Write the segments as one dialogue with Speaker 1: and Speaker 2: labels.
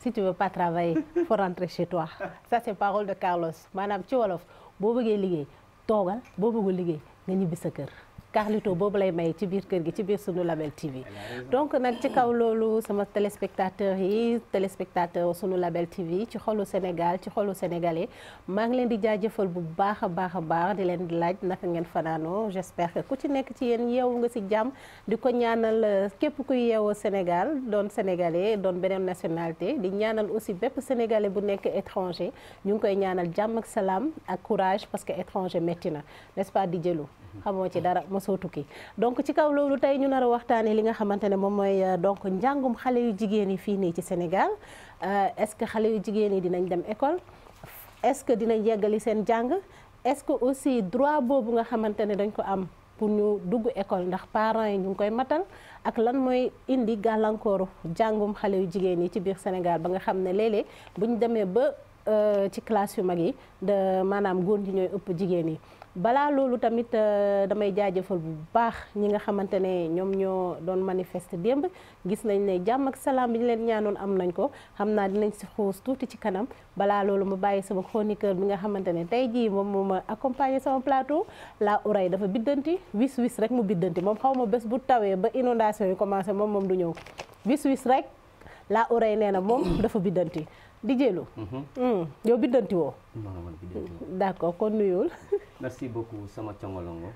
Speaker 1: si tu veux pas travailler faut rentrer chez toi ça parole de Carlos maanaam ci wolof boo bëggee liggéey toogal boo bëggul liggéey nga ñibbi sa kër. Carlito boobu lay may ci biir kër gi ci biir sunu label TV donc nag ci kaw loolu sama téléspectateur yi téléspectateur sunu label TV ci xolu Sénégal ci xolu sénégalais maa ngi leen di jaajëfal bu baax a baax a baax di leen laaj naka ngeen fanaanoo j'espère que ku ci nekk ci yéen yeewu nga si jàmm di ko ñaanal euh, képp kuy yeewoo Sénégal doon sénégalais doon beneen nationalité di ñaanal aussi bépp sénégalais bu nekk étranger ñu ngi koy ñaanal jàmm ak salaam ak courage parce que étranger métti na nest di jëlu soo tukki donc ci kaw loolu tey ñu nar a waxtaanee li nga xamante ne moom mooy euh, donc njàngum xale yu jigéen yi fii nii ci Sénégal euh, est-ce que xale yu jigéen yi dinañ dem école est-ce que dinañ yeggali seen jàng ce que aussi droit boobu nga xamante ne dañ ko am pour ñu dugg école ndax parents yi ñu ngi koy matal ak lan mooy indi gàllankooru jàngum xale yu jigéen yi ci biir Sénégal ba nga xam ne léeg-léeg bu ñu demee ba euh, ci classe yu mag yi maanaam góor ñi ñooy ëpp jigéen yi balaa loolu tamit euh, damay jaajëfal bu baax ñi nga xamante ne ñoom ñoo doon manifester démb gis nañ ne jàmm ak salaam bi ñu leen ñaanoon am nañ ko xam naa dinañ si xuus tuuti ci kanam balaa loolu ma bàyyi sama chroniqueur bi nga xamante ne tey jii moom moo ma accompagner sama plateau la oreille dafa biddanti wis wis rek mu biddanti moom xaw ma bés bu tawee ba inondation yi commencé moom moom du ñëw ko wis wis rek laa oreille nee na moom dafa biddanti di jéelu. Mm-hmm. Mm. yow biddanti woo. Mm. d'accord kon nuyul.
Speaker 2: merci sama congolongo.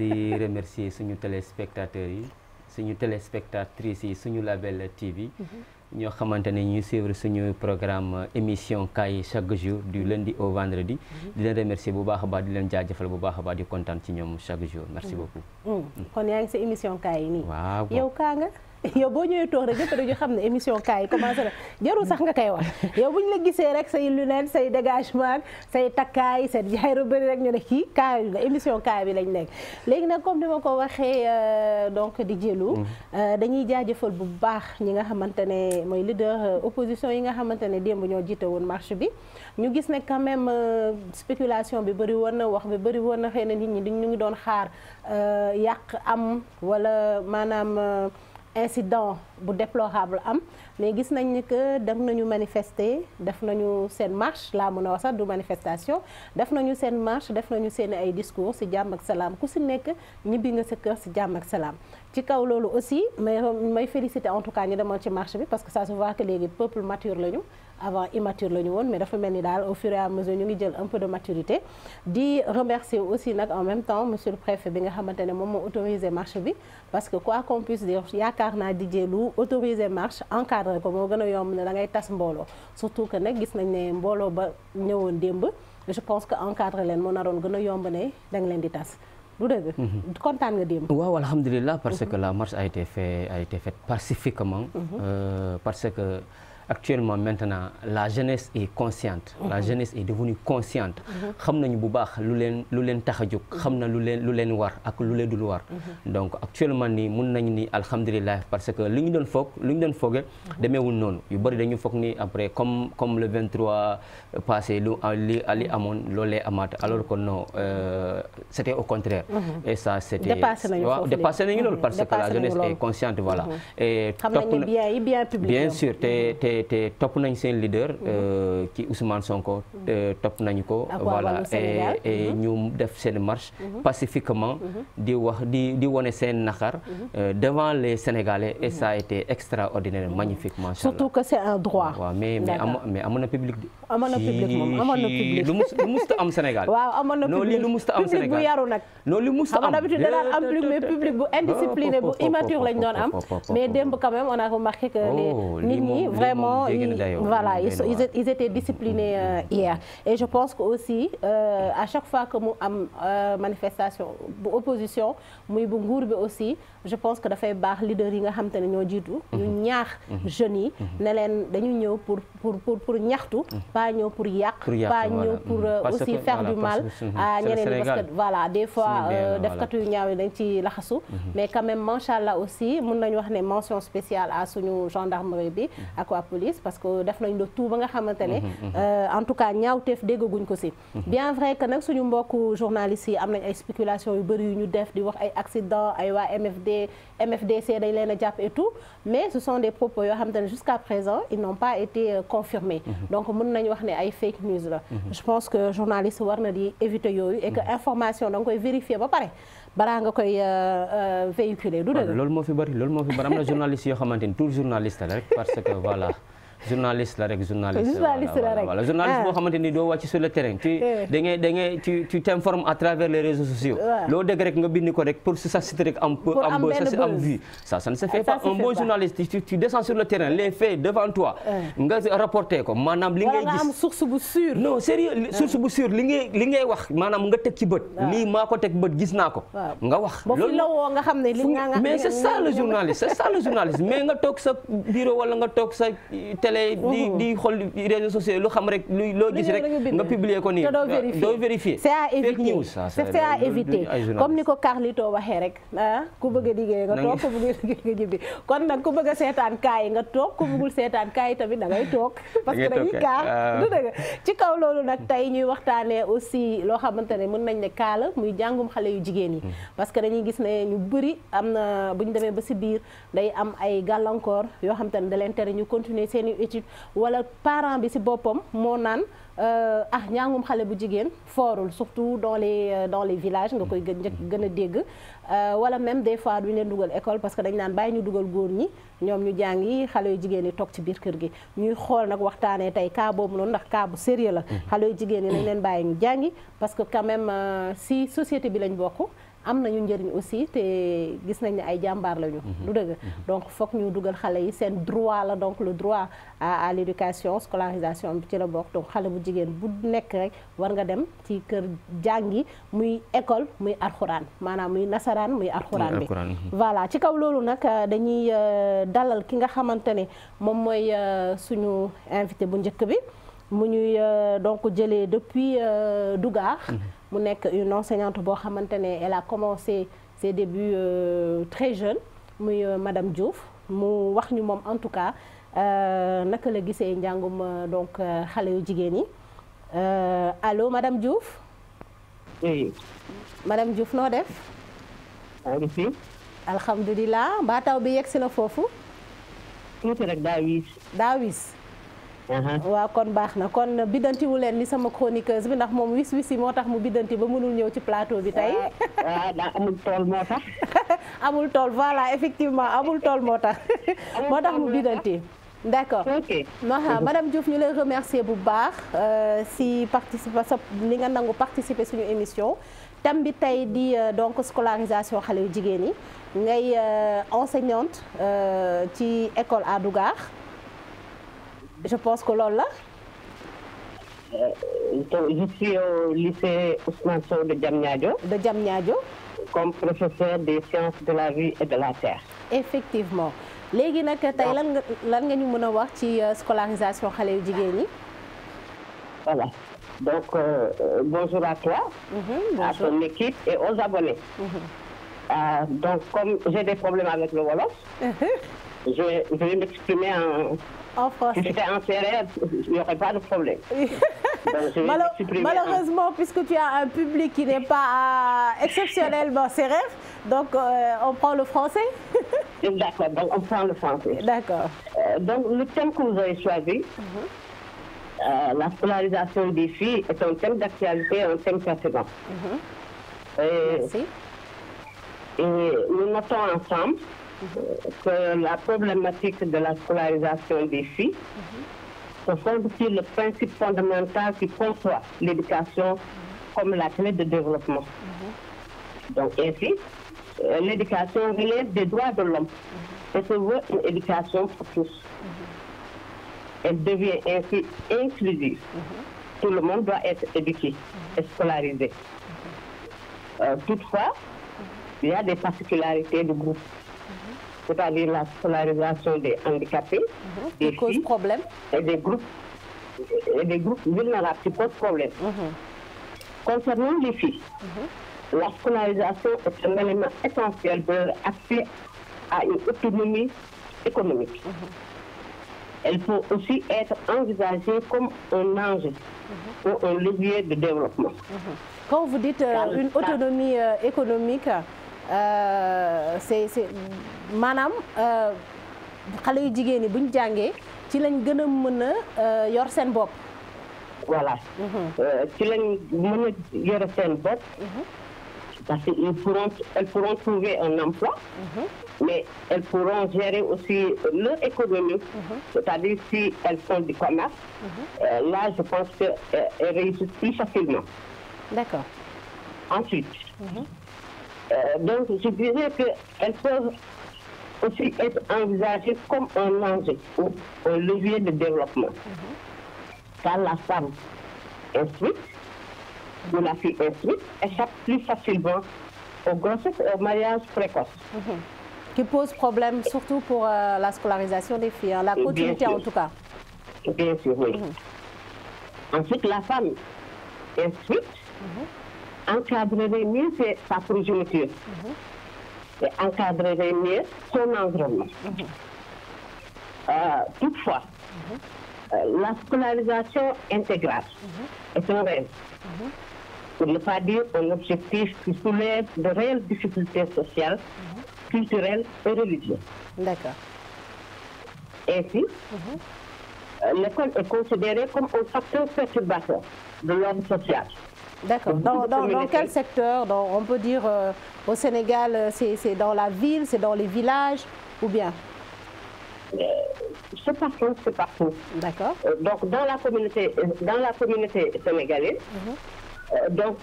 Speaker 2: di remercier suñu téléspectateurs yi suñu téléspectatrices yi suñu Label TV. Mm-hmm. ñoo xamante ne ñu suivre suñu programme émission kaay chaque jour du lundi au vendredi. Mm-hmm. di leen remercier bu baax a baax di leen jaajëfal bu baax a baax di kontaan ci ñoom chaque jour merci beaucoup.
Speaker 1: Mm. kon yaa ngi sa émission kaay yi nii. waaw kaa nga. yow boo ñëwee toog rek dañu xam ne émission kaay commencé na jarul sax nga koy wax yow bu ñu la gisee rek say lunette say dégagement say takkaay say jaay ru bëri rek ñu ne kii kaay la émission kaay bi lañ nekk léegi nag comme ni ma ko waxee euh, donc di jëlu mm-hmm. euh, dañuy jaajëfal bu baax ñi nga xamante ne mooy leader euh, opposition yi nga xamante ne démb ñoo jiite woon marche bi ñu gis ne quand même spéculation bi bëri woon na wax bi bëri woon na xëy na nit ñi ñu ngi doon xaar yàq am wala maanaam incident bu déplorable am mais gis nañ ni que dem nañu manifeste def nañu seen marche laa mën a wax sax du manifestation def nañu seen marche def nañu seen ay discours ci jàmm ak salaam ku si nekk ñibbi nga sa kër ci jàmm ak salaam. ci kaw loolu aussi may may féliciter en tout cas ñu demoon ci marche bi parce que ça se voit que léegi peuple mature lañu. avant immature la woon mais dafa mel ni daal au fur et mesure ñu ngi jël un peu de maturité di remercier aussi nag en même temps monsieur le préfet bi nga xamante ne moom moo autorisé marche bi parce que quoi a puisse dire yaakaar naa DJ Lou autorisé marche encadré ko moo gën a yomb ne da ngay tas mbooloo surtout que nag gis nañ ne mbooloo ba ñëwoon démb je pense que encadré leen moo naroon gën a yomb ne da leen di tas du
Speaker 3: mhm.
Speaker 1: kontaan nga démb
Speaker 2: waaw alhamdulilah parce mhm. que la marche a été faite mhm. euh, parce que actuellement maintenant la jeunesse est consciente la mhm. jeunesse est devenue consciente mhm. xam nañu bu baax lu leen lu leen tax a na lu leen lu leen war ak lu leen dul war mhm. donc actuellement nii mun nañu ni alhamdulilah parce que lu ñu doon foog lu ñu doon fooge demeewul noonu yu bëri dañu foog ni après comme comme le 23 passé lu ah, li ah, li amoon loolu lay amaat alors que non euh, c' était au contraire et ça c' était waaw dépassé nañu parce que la jeunesse est consciente voilà et te te topp nañ seen leader. Mhm. Euh, ki Ousmane Sonko. Mhm. topp nañu ko. voilà et mhm. ñu def seen marche. pacifiquement. di wax di di wane seen naqar. Euh, devant les Sénégalais et ça a été extraordinaire magnifique surtout que c'est un droit. waaw mais mais mais amoon na public. amoon amoon na public lu mus lu musta am Sénégal. waaw amoon na public non li lu musta am Sénégal public bu yaru mais public bu indiscipliné bu oh, oh, oh, immature lañ doon am.
Speaker 1: mais démb quand même on a remarqué que les nit ñi franchement voilà ils étaient disciplinés euh, hier et je pense que aussi euh, à chaque fois que mu am euh, manifestation bu opposition muy bu nguur bi aussi je pense que dafay baax leader yi nga xam te ne ñoo jiitu ñu mhm. ñaax mhm. jeunes yi mhm. ne leen dañu ñëw pour pour pour pour ñaxtu pas ñëw pour yàq pas ñëw pour euh, aussi faire du mal à ñeneen yi parce que voilà des fois euh, defkatu yu ñaaw yi dañ ci laxasu mais quand même macha allah aussi mun nañu wax ne mention spéciale à suñu gendarmerie bi ak waa police parce que def nañ le tout ba nga xamante ne euh, en tout cas ñaawteef déggaguñ ko si bien vrai que nag suñu mbokku journalistes am nañ ay spéculation yu bëri yu ñu def accident ay waa MFD MFDC dañ leen a jàpp et tout mais ce son des propos yoo xam ne jusqu'à présent ils n'ont pas été euh, confirmés mhm. donc mën nañ wax ne ay fake news la mhm. je pense que journaliste war na di éviter yooyu et que mhm. information da nga koy vérifier ba pare balaa nga koy euh, euh, véhiculer du dëgg
Speaker 2: loolu moo fi bari loolu moo fi bari am na journaliste yoo xamante ni tout journaliste la rek parce que voilà journaliste la rek journaliste la rek voilà journaliste ah. boo xamante ni doo wàcc sur le terrain tu eh. da ngay da ngay tu tu t'informes à travers les réseaux sociaux loo dégg rek nga bind ko rek pour su sa site rek am peu am am vue ça ça ne se fait ah, pas un bon journaliste tu descends sur le terrain les faits devant toi nga rapporté ko maanaam li ngay gis source bu sûre non sérieux source bu sûre li ngay li ngay wax maanaam nga teg ci bët lii maa ko teg bët gis naa ko nga wax loolu la
Speaker 1: woo nga xam ne li nga mais c'est ça le journaliste c'est ça
Speaker 2: le journaliste mais nga toog sa bureau wala nga toog sa eh, télé di di xool réseaux sociaux lu xam rek lu loo gis rek toog ku bëgg
Speaker 1: a toog ku bëggul seetaan kaay tamit da ngay toog parce que dañuy kaa ah. ci kaw loolu nag tey ñuy waxtaanee aussi loo xamante ne mën nañ ne kaala muy jàngum xale yu jigéen yi hmm. parce que dañuy gis ne ñu bëri am na bu ñu demee ba si biir day am ay gàllankoor yoo xamante ne da tere ñu continuer seeni étude wala parent bi si boppam moo naan euh, ah ñaangum xale bu jigéen foorul surtout dans les euh, dans les villages nga koy gën njëkk mm-hmm. gën a dégg euh, wala même des fois duñ leen dugal école parce que dañ naan bàyyi ñu dugal góor ñi ñoom ñu jàngi xale yu jigéen yi toog ci biir kër gi ñuy xool nag waxtaanee tey cas boobu noonu ndax cas sérieux la mm-hmm. xale yu jigéen yi nañ leen bàyyi ñu jàngi parce que quand même si société bi lañ bokk am nañu njëriñ aussi te gis nañ ne ay jàmbaar lañu. Mhm. du dëgg mhm. donc foog ñu dugal xale yi seen droit la donc le droit à à l'éducation scolarisation bi ci la bokk donc xale bu jigéen bu nekk rek war nga dem ci kër jàngi muy école muy arxuraan maanaam muy nasaraan muy arxuraan bi mhm. voilà ci kaw loolu nag euh, dañuy euh, dalal ki nga xamante ne moom mooy euh, suñu invité bu njëkk bi mu ñuy donc jëlee depuis Dougar. mu nekk une enseignante boo xamante ne elle a commencé ses débuts euh, très jeune muy euh, madame Diouf mu wax ñu moom en tout cas euh, naka la gisee njàngum euh, donc xale yu jigéen yi allo madame Diouf. oui. madame Diouf noo def. allo. alhamdulilah bi yegg si na foofu. tuuti rek daa wis. daa wis. waaw kon baax na kon biddantiwu leen ni sama chroniqueuse bi ndax moom wis wis yi moo tax mu biddanti ba mënul ñëw ci plateau bi tey. waaw ah, ah, daa amul tool moo tax. amul tool voilà effectivement amul tool moo tax. moo tax mu biddanti. d' accord ok Maha madame Diouf ñu lay remercier bu baax euh, si participer sa li nga nangu participer suñu émission thème bi tey di euh, donc scolarisation xale yu jigéen yi ngay euh, enseignante ci école à
Speaker 4: je pense que loolu la. je suis au lycée Ousmane Sow de Diamniadio. de Diamniadio. comme professeur des sciences de la vie et de la terre.
Speaker 1: effectivement léegi nag tey lan nga lan nga ñu mën a wax ci euh, scolarisation xale yu jigéen ñi.
Speaker 4: voilà donc euh, euh bonjour à toi.
Speaker 3: Mhm, à ton
Speaker 4: équipe et aux mhm.
Speaker 3: euh,
Speaker 4: donc comme j'ai des problèmes avec le wolof. Mhm. je je vais m'exprimer en. en français. Si c'était en séeréer, il n'y aurait pas de problème. Donc, Malheureusement,
Speaker 1: un... puisque tu as un public qui n'est pas euh, exceptionnellement séeréer, donc euh, on prend le français.
Speaker 4: D'accord, donc on prend le français. D'accord. Euh, donc le thème que vous avez choisi, mm -hmm. la scolarisation des filles, est un thème d'actualité, un thème pertinent. Mm -hmm. Merci. Et nous notons ensemble que la problématique de la scolarisation des filles se fonde sur le principe fondamental qui conçoit l'éducation comme la clé de développement. Donc ainsi, euh, l'éducation relève des droits de l'homme et se veut une éducation pour tous. Elle devient ainsi inclusive. Tout le monde doit être éduqué et scolarisé. Euh, toutefois, il y a des particularités du groupe. c'est-à-dire la scolarisation des handicapés. Mmh. cause problème. Et des groupes, et des groupes vulnérables qui posent problème. Mhm. Concernant les filles, mhm. la scolarisation est un élément essentiel de leur à une autonomie économique. Mhm. Elle peut aussi être envisagée comme un enjeu ou un levier de développement.
Speaker 1: Quand vous dites euh, une autonomie euh, économique, Euh, c'est c'est maanaam euh, xale yu jigéen yi bu ñu jàngee ci lañ gën a mën a euh, yor seen bop
Speaker 4: voilà. Mhm. ci lañ mën a yor seen bopp. Mhm. parce qu'ils pourront elles pourront trouver un emploi. Mhm. mais elles pourront gérer aussi le économie. c'est-à-dire si elles font du commerce. là je pense que elles réussissent plus facilement. d'accord. ensuite. Euh, donc je dirais qu'elles peuvent aussi être envisagées comme un enjeu ou un levier de développement. mm la femme instruite ou la fille instruite échappe plus facilement aux grossesses et aux mariages précoces.
Speaker 1: Mm-hmm. Qui pose problème surtout pour euh, la scolarisation des filles, la continuité en tout
Speaker 4: cas. Bien mm-hmm. la femme instruite encadrerait mieux sa progéniture
Speaker 3: mhm.
Speaker 4: et encadrerait mieux son environnement. Mhm. Euh, toutefois, mhm. euh, la scolarisation intégrale est un rêve, pour ne pas dire un objectif qui soulève de réelles difficultés sociales, culturelles et religieuses. D'accord. Ainsi, euh, l'école est considérée comme un facteur perturbateur de l'ordre social.
Speaker 1: D'accord. Dans, dans, quel secteur On peut dire euh, au Sénégal, euh, c'est dans la ville, c'est dans les villages, ou bien
Speaker 4: euh, c'est partout, c'est partout. D'accord. Euh, dans la communauté, dans la communauté sénégalaise, mm donc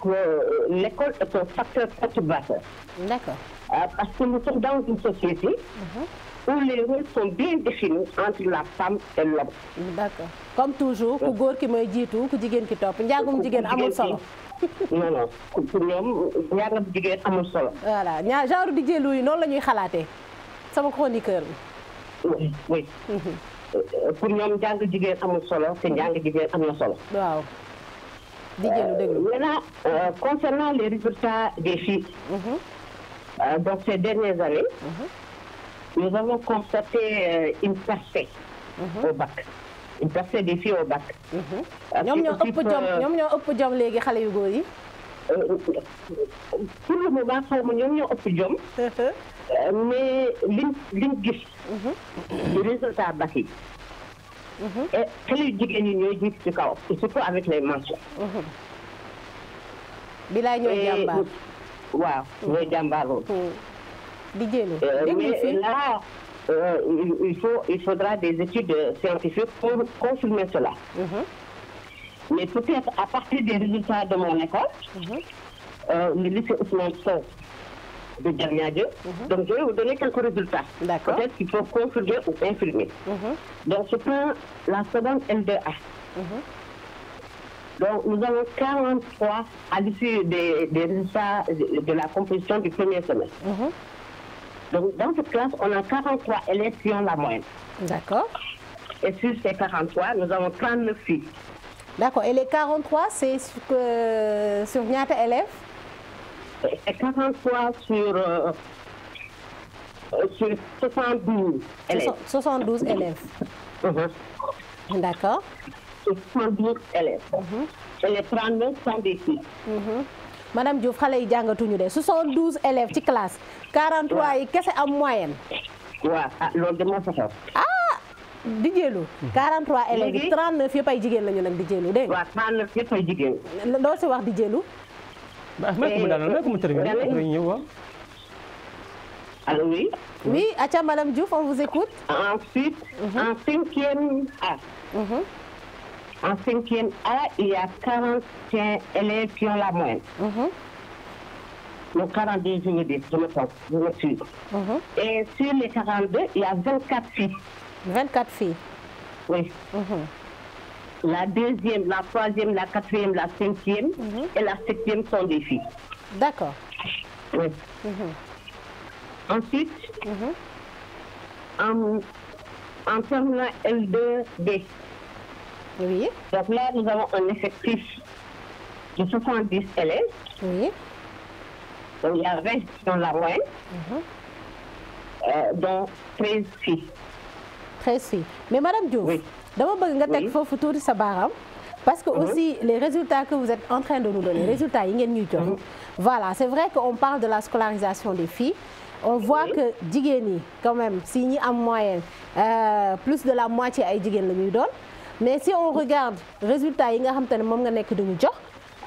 Speaker 4: l'école est un facteur perturbateur. D'accord. parce que nous sommes dans une société. Mhm. où les rôles sont bien définis entre la femme et l'homme. d'accord comme toujours ku góor ki mooy jiitu ku jigéen ki topp njàngum jigéen amul solo. non non pour ñoom njàngam jigéen amul solo.
Speaker 1: voilà ñaar genre di yi noonu la ñuy xalaatee sama chroniqueur
Speaker 4: pour mhm. euh, ñoom njàng jigéen amul solo te mhm. njàng jigéen am na solo. waaw. di jëlu euh, déglu la euh, concernant les résultats des filles. Mhm. donc ces dernières années. nous avons constaté euh, une percée mhm. au bac. une percée des filles au bac. Mhm. Euh, ñoom ñoo ëpp jom ñoom
Speaker 1: ñoo ëpp jom xale
Speaker 4: yu góor yi. Euh, pour le moment xaw ma ñoom ñoo mhm. mais liñ liñ gis. résultat bac yi. et yu jigéen ñi ñooy jiitu ci kaw surtout avec les mentions. bilaay ñooy jàmbaar. waaw ñooy jàmbaar di génn euh, déglu fi là euh, il faut il faudra des études scientifiques pour confirmer cela mhm. mais peut-être à partir des résultats de mon école mhm. euh, le lycée Ousmane Sow de Diamniadio mhm. donc je vous donner quelques résultats peut-être qu'il faut confirmer ou infirmer donc je prends la seconde LDA donc, nous avons 43 à l'issue des, des résultats de, de la composition du premier semestre. Donc, dans cette classe, on a 43 élèves qui ont la moyenne. D'accord. Et sur ces 43, nous avons 39 filles. D'accord. Et les c'est sur,
Speaker 1: euh, euh élèves
Speaker 4: mhm. sur, sur élèves. 72 D'accord. 72 élèves. Et les 39 sont des
Speaker 1: filles. Mhm. madame Diouf xale yi jàngatuñu de 72 élèves ci classe. 43 yi kese am moyenne.
Speaker 4: waaw ah loolu de ah,
Speaker 1: di jéelu. 43 hmm. élèves yi 39 yëpp ay jigéen lañu nag di jéelu dégg nga. waaw 39 yëpp ay jigéen. si wax di jéelu.
Speaker 2: ah mën naa la mën naa ko
Speaker 4: Allô, oui. Oui, Acha, Madame Diouf, on vous écoute. En cinquième A, il y a 41 élèves qui ont la moyenne. Donc 42, je me dis, je me trompe, je me suis. Mm-hmm. Et sur les 42, il y a 24 filles. 24 filles Oui. Mm-hmm. La deuxième, la troisième, la quatrième, la cinquième mm-hmm. et la septième sont des filles. D'accord. Oui. Ensuite, en, en terminant L2B, Oui. Donc là, nous avons un effectif de 70 élèves. Oui. Donc a 20 la moyenne, donc -hmm. euh, dont 13 Mais Madame Diouf, oui.
Speaker 1: bëgg nga avez foofu fait sa barre. Parce que mhm. aussi, les résultat que vous êtes en train de nous donner, mhm. yi ngeen ils sont mhm. Voilà, c'est vrai qu'on parle de la scolarisation des filles. On voit que Digeni, quand même, si nous en moyenne, euh, plus de la moitié à la le donne. mais si on regarde résultat yi nga xam te ne moom nga nekk duñu jox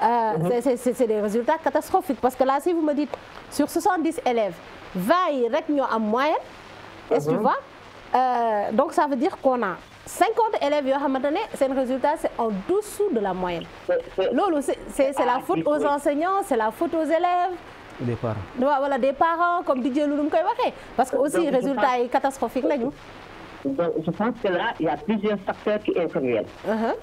Speaker 1: euh, mhm. c'est c'est des résultats catastrophiques parce que là si vous me dites sur 70 élèves 20 yi rek ñoo am moyenne est-ce que tu mhm. vois euh, donc ça veut dire qu'on a 50 élèves yoo xamante ne seen résultat c'est en dessous de la moyenne loolu c'est c'est la ah, faute aux enseignants c'est la faute aux élèves des parents comme Didier lu mu koy waxee parce que aussi résultats yi catastrophiques lañu
Speaker 4: Donc, je pense que là, a plusieurs facteurs qui interviennent. Uh -huh.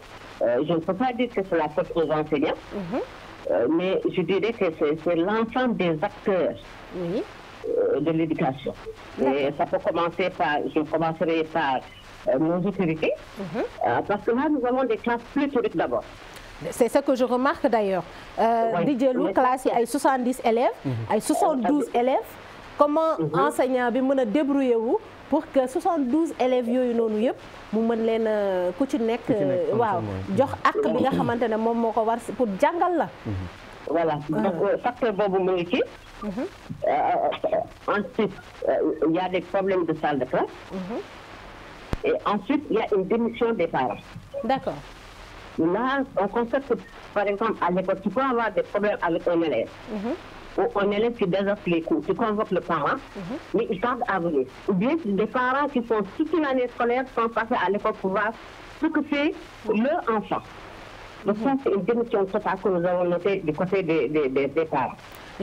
Speaker 4: euh, je ne peux pas dire que c'est la faute enseignants, uh-huh. euh, mais je dirais que c'est l'ensemble des acteurs euh, de l'éducation. Et ça peut commencer par, euh, nos autorités, uh-huh. parce que là, nous avons des classes pléthoriques d'abord.
Speaker 1: C'est ce que je remarque d'ailleurs. Euh, Didier a pour que 72 élèves yooyu noonu yëpp mu mën leen euh, ku ci nekk euh, waaw jox ak bi nga xamante ne moom moo ko war pour jàngal la
Speaker 4: mhm. voilà donc facteur boobu mu ngi mhm. euh, ensuite il y des problèmes de salle de classe mhm. et ensuite il y a une démission des parents d'accord là on constate par exemple à l'école tu peux avoir des problèmes avec un élève mm -hmm. on élève qui désapplique ou qui convoque le parent, mm -hmm. mais il tarde à venir. Ou bien des parents qui font toute une année scolaire sans passer à l'école pour ce que c'est leur enfant. Donc mm une démission que nous avons notée du côté des, des,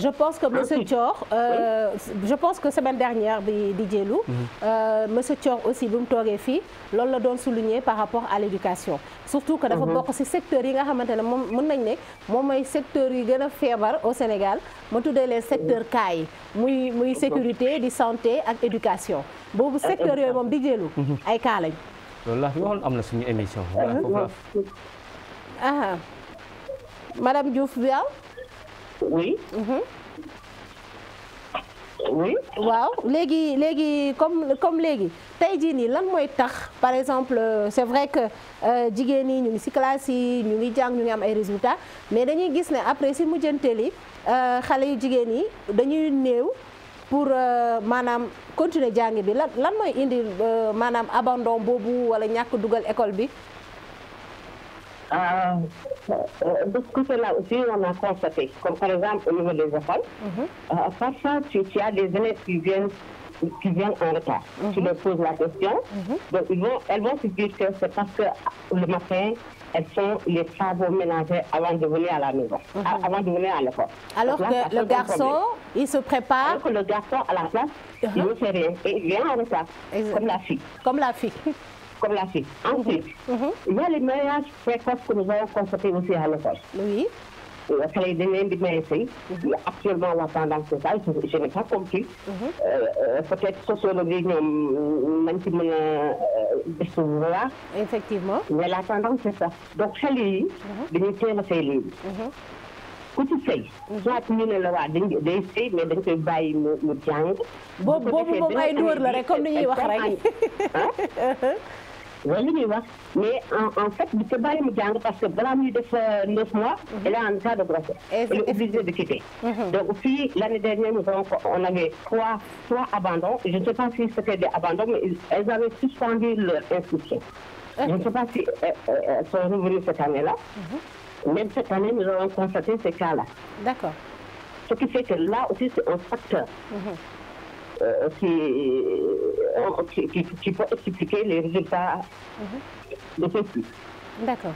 Speaker 4: je pense que monsieur Thior euh, je pense que semaine
Speaker 1: dernière bi di Dielou mhm. euh, monsieur Thior aussi bu mu toogee fii loolu la doon souligner par rapport à l'éducation surtout que dafa mhm. bokk ci secteurs yi nga xamante ne moom mën nañ ne moom mooy secteurs yi gën a feebar au Sénégal ma tuddee leen secteur cas mhm. yi muy muy sécurité di santé ak éducation boobu secteur yooyu moom di Dielou ay cas lañ
Speaker 2: loolu laa fi am na suñu émission voilà
Speaker 1: madame Diouf Biaw
Speaker 4: Mhm. oui.
Speaker 1: waaw léegi léegi comme comme léegi tey jii nii lan mooy tax par exemple euh, c'est vrai que euh, jigéen ñi ñu ngi ci classe yi ñu ngi jàng ñu ngi am ay résultats mais dañuy gis ne après si ci mujjanteel yi euh, xale yu jigéen yi dañuy néew pour maanaam continuer jàng bi lan lan mooy indi maanaam abandon boobu walla ñàkk dugal
Speaker 4: école bi de euh, euh, ce côté-là aussi, on a constaté, comme par exemple au niveau des écoles, mhm. euh, parfois tu, tu as des élèves qui viennent qui viennent en retard. Mm -hmm. Tu leur poses la question. Mm -hmm. Donc, ils vont, elles vont se dire que c'est parce que le matin, elles font les travaux ménagers avant de venir à la maison, mm -hmm. avant de venir à l'école. Alors là, que le garçon, problème. il se prépare. Alors que le garçon, à la place, il uh-huh. ne fait rien. Et il vient en retard, Exactement. comme la fille. Comme la fille. comme l'a fille. Ah, Ensuite, mhm. il y a les mariages précoces que nous avons constatés aussi à l'école. Oui. xale yi dañ leen di maye sëy actuellement la tendance c'est ça je n'ai pas compris mhm. euh, euh, peut-être sociologie ñoom nañ ci mën a gëstu bu baax effectivement mais la tendance c'est ça donc xale yi dañuy teel a sëy léegi ku ci sëy mhm. soit ñu ne la waa dañ day sëy mais dañ koy bàyyi mu mu jàng boobu boobu moom ay dóor la rek comme ni ñuy wax rek loolu li ñuy mais en en fait du ko bàyyi mu jàng parce que balaa muy def euh, neuf mois. Mhm. elle est en état de grossesse. elle est obligée de quitter. Mhm. donc fii l' dernière nous avons trois abandons je ne sais pas si c'était des abandons mais elles avaient suspendu leur inscription. je ne sais pas si euh, euh, elles sont revenues cette année là. Mhm. même cette année nous avons constaté ces cas là. d'accord ce qui fait que là aussi c'est un facteur. Euh, euh, qui, qui, qui, peut expliquer les résultats
Speaker 3: de mhm. ceci.
Speaker 1: D'accord.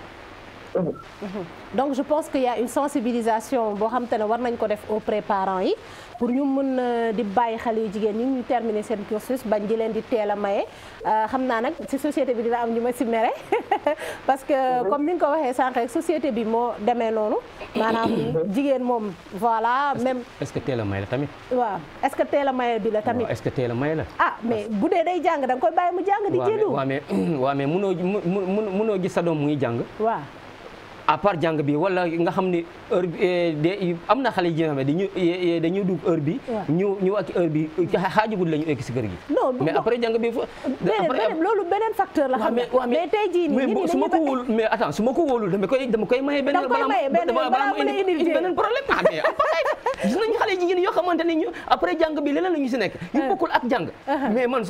Speaker 1: Mm-hmm. donc je pense que y une sensibilisation boo xam ne war nañ ko def auprès parents yi pour ñu mën euh, di bàyyi xale yu jigéen ñi ñu terminer seen cursus bañ di leen di teel a maye euh, xam naa nag si société bi dina am ñu ma si mere parce que mm-hmm. comme ni nga ko waxee sànq rek société bi moo demee noonu maanaam mm-hmm. jigéen moom voilà même
Speaker 2: est-ce que teel a maye la tamit
Speaker 1: waaw est-ce que teel a maye bi la tamit
Speaker 2: est-ce que teel a maye la
Speaker 1: ah mais bu dee day jàng da nga koy mu jàng di jédu
Speaker 2: waaw mais waaw mais mënoo mënoo gis sa doom muy jàng waaw à part jàng bi wala nga xam ni bi eh, am na xale yi nga xam eh, eh, bi. ñu ñu la si après jàng bi. loolu beneen facteur la. xam nga mais tey jii nii mais ma ma ko a indil beneen ah, après gis ñu bi leneen la ñu si nekk. yu ah. bokkul ak jàng. Ah. mais man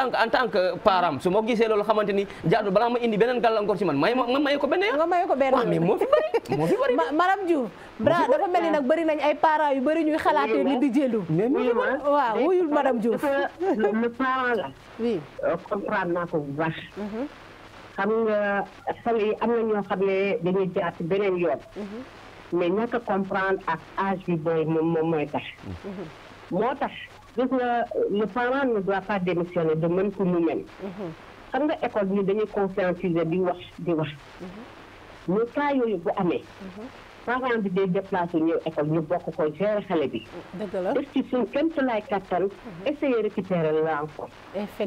Speaker 2: en tant su ma gisee loolu xamante ni jaadu balaa ma indi beneen gàllankoor man ma may ko beneen ko benn waaw mais moo fi bëri moo fi bëri madame
Speaker 1: Diouf dafa mel ni nag bëri nañ ay parents yu bëri ñuy xalaatee ni di
Speaker 4: jëlu mais waaw wuyul madame Diouf le parent la oui euh, comprendre naa ko bu baax mm-hmm. xam nga xale yi am na ñoo xam ne dañuy jaar ci beneen yoon
Speaker 3: mm-hmm.
Speaker 4: mais ñàkk a comprendre ak âge bi booy moom mooy tax
Speaker 3: mm-hmm.
Speaker 4: moo tax gis nga le parent ne doit pas démissionner de même que nga école ñu dañuy conscientiser di wax di wax mais cas yooyu bu amee.
Speaker 3: Mhm. parent
Speaker 4: bi day déplacé ñëw école ñu bokk ko gérer xale bi. dëgg la def ci suñ kenn tolluwaay kattan. Mhm. essayer récupérer la encore.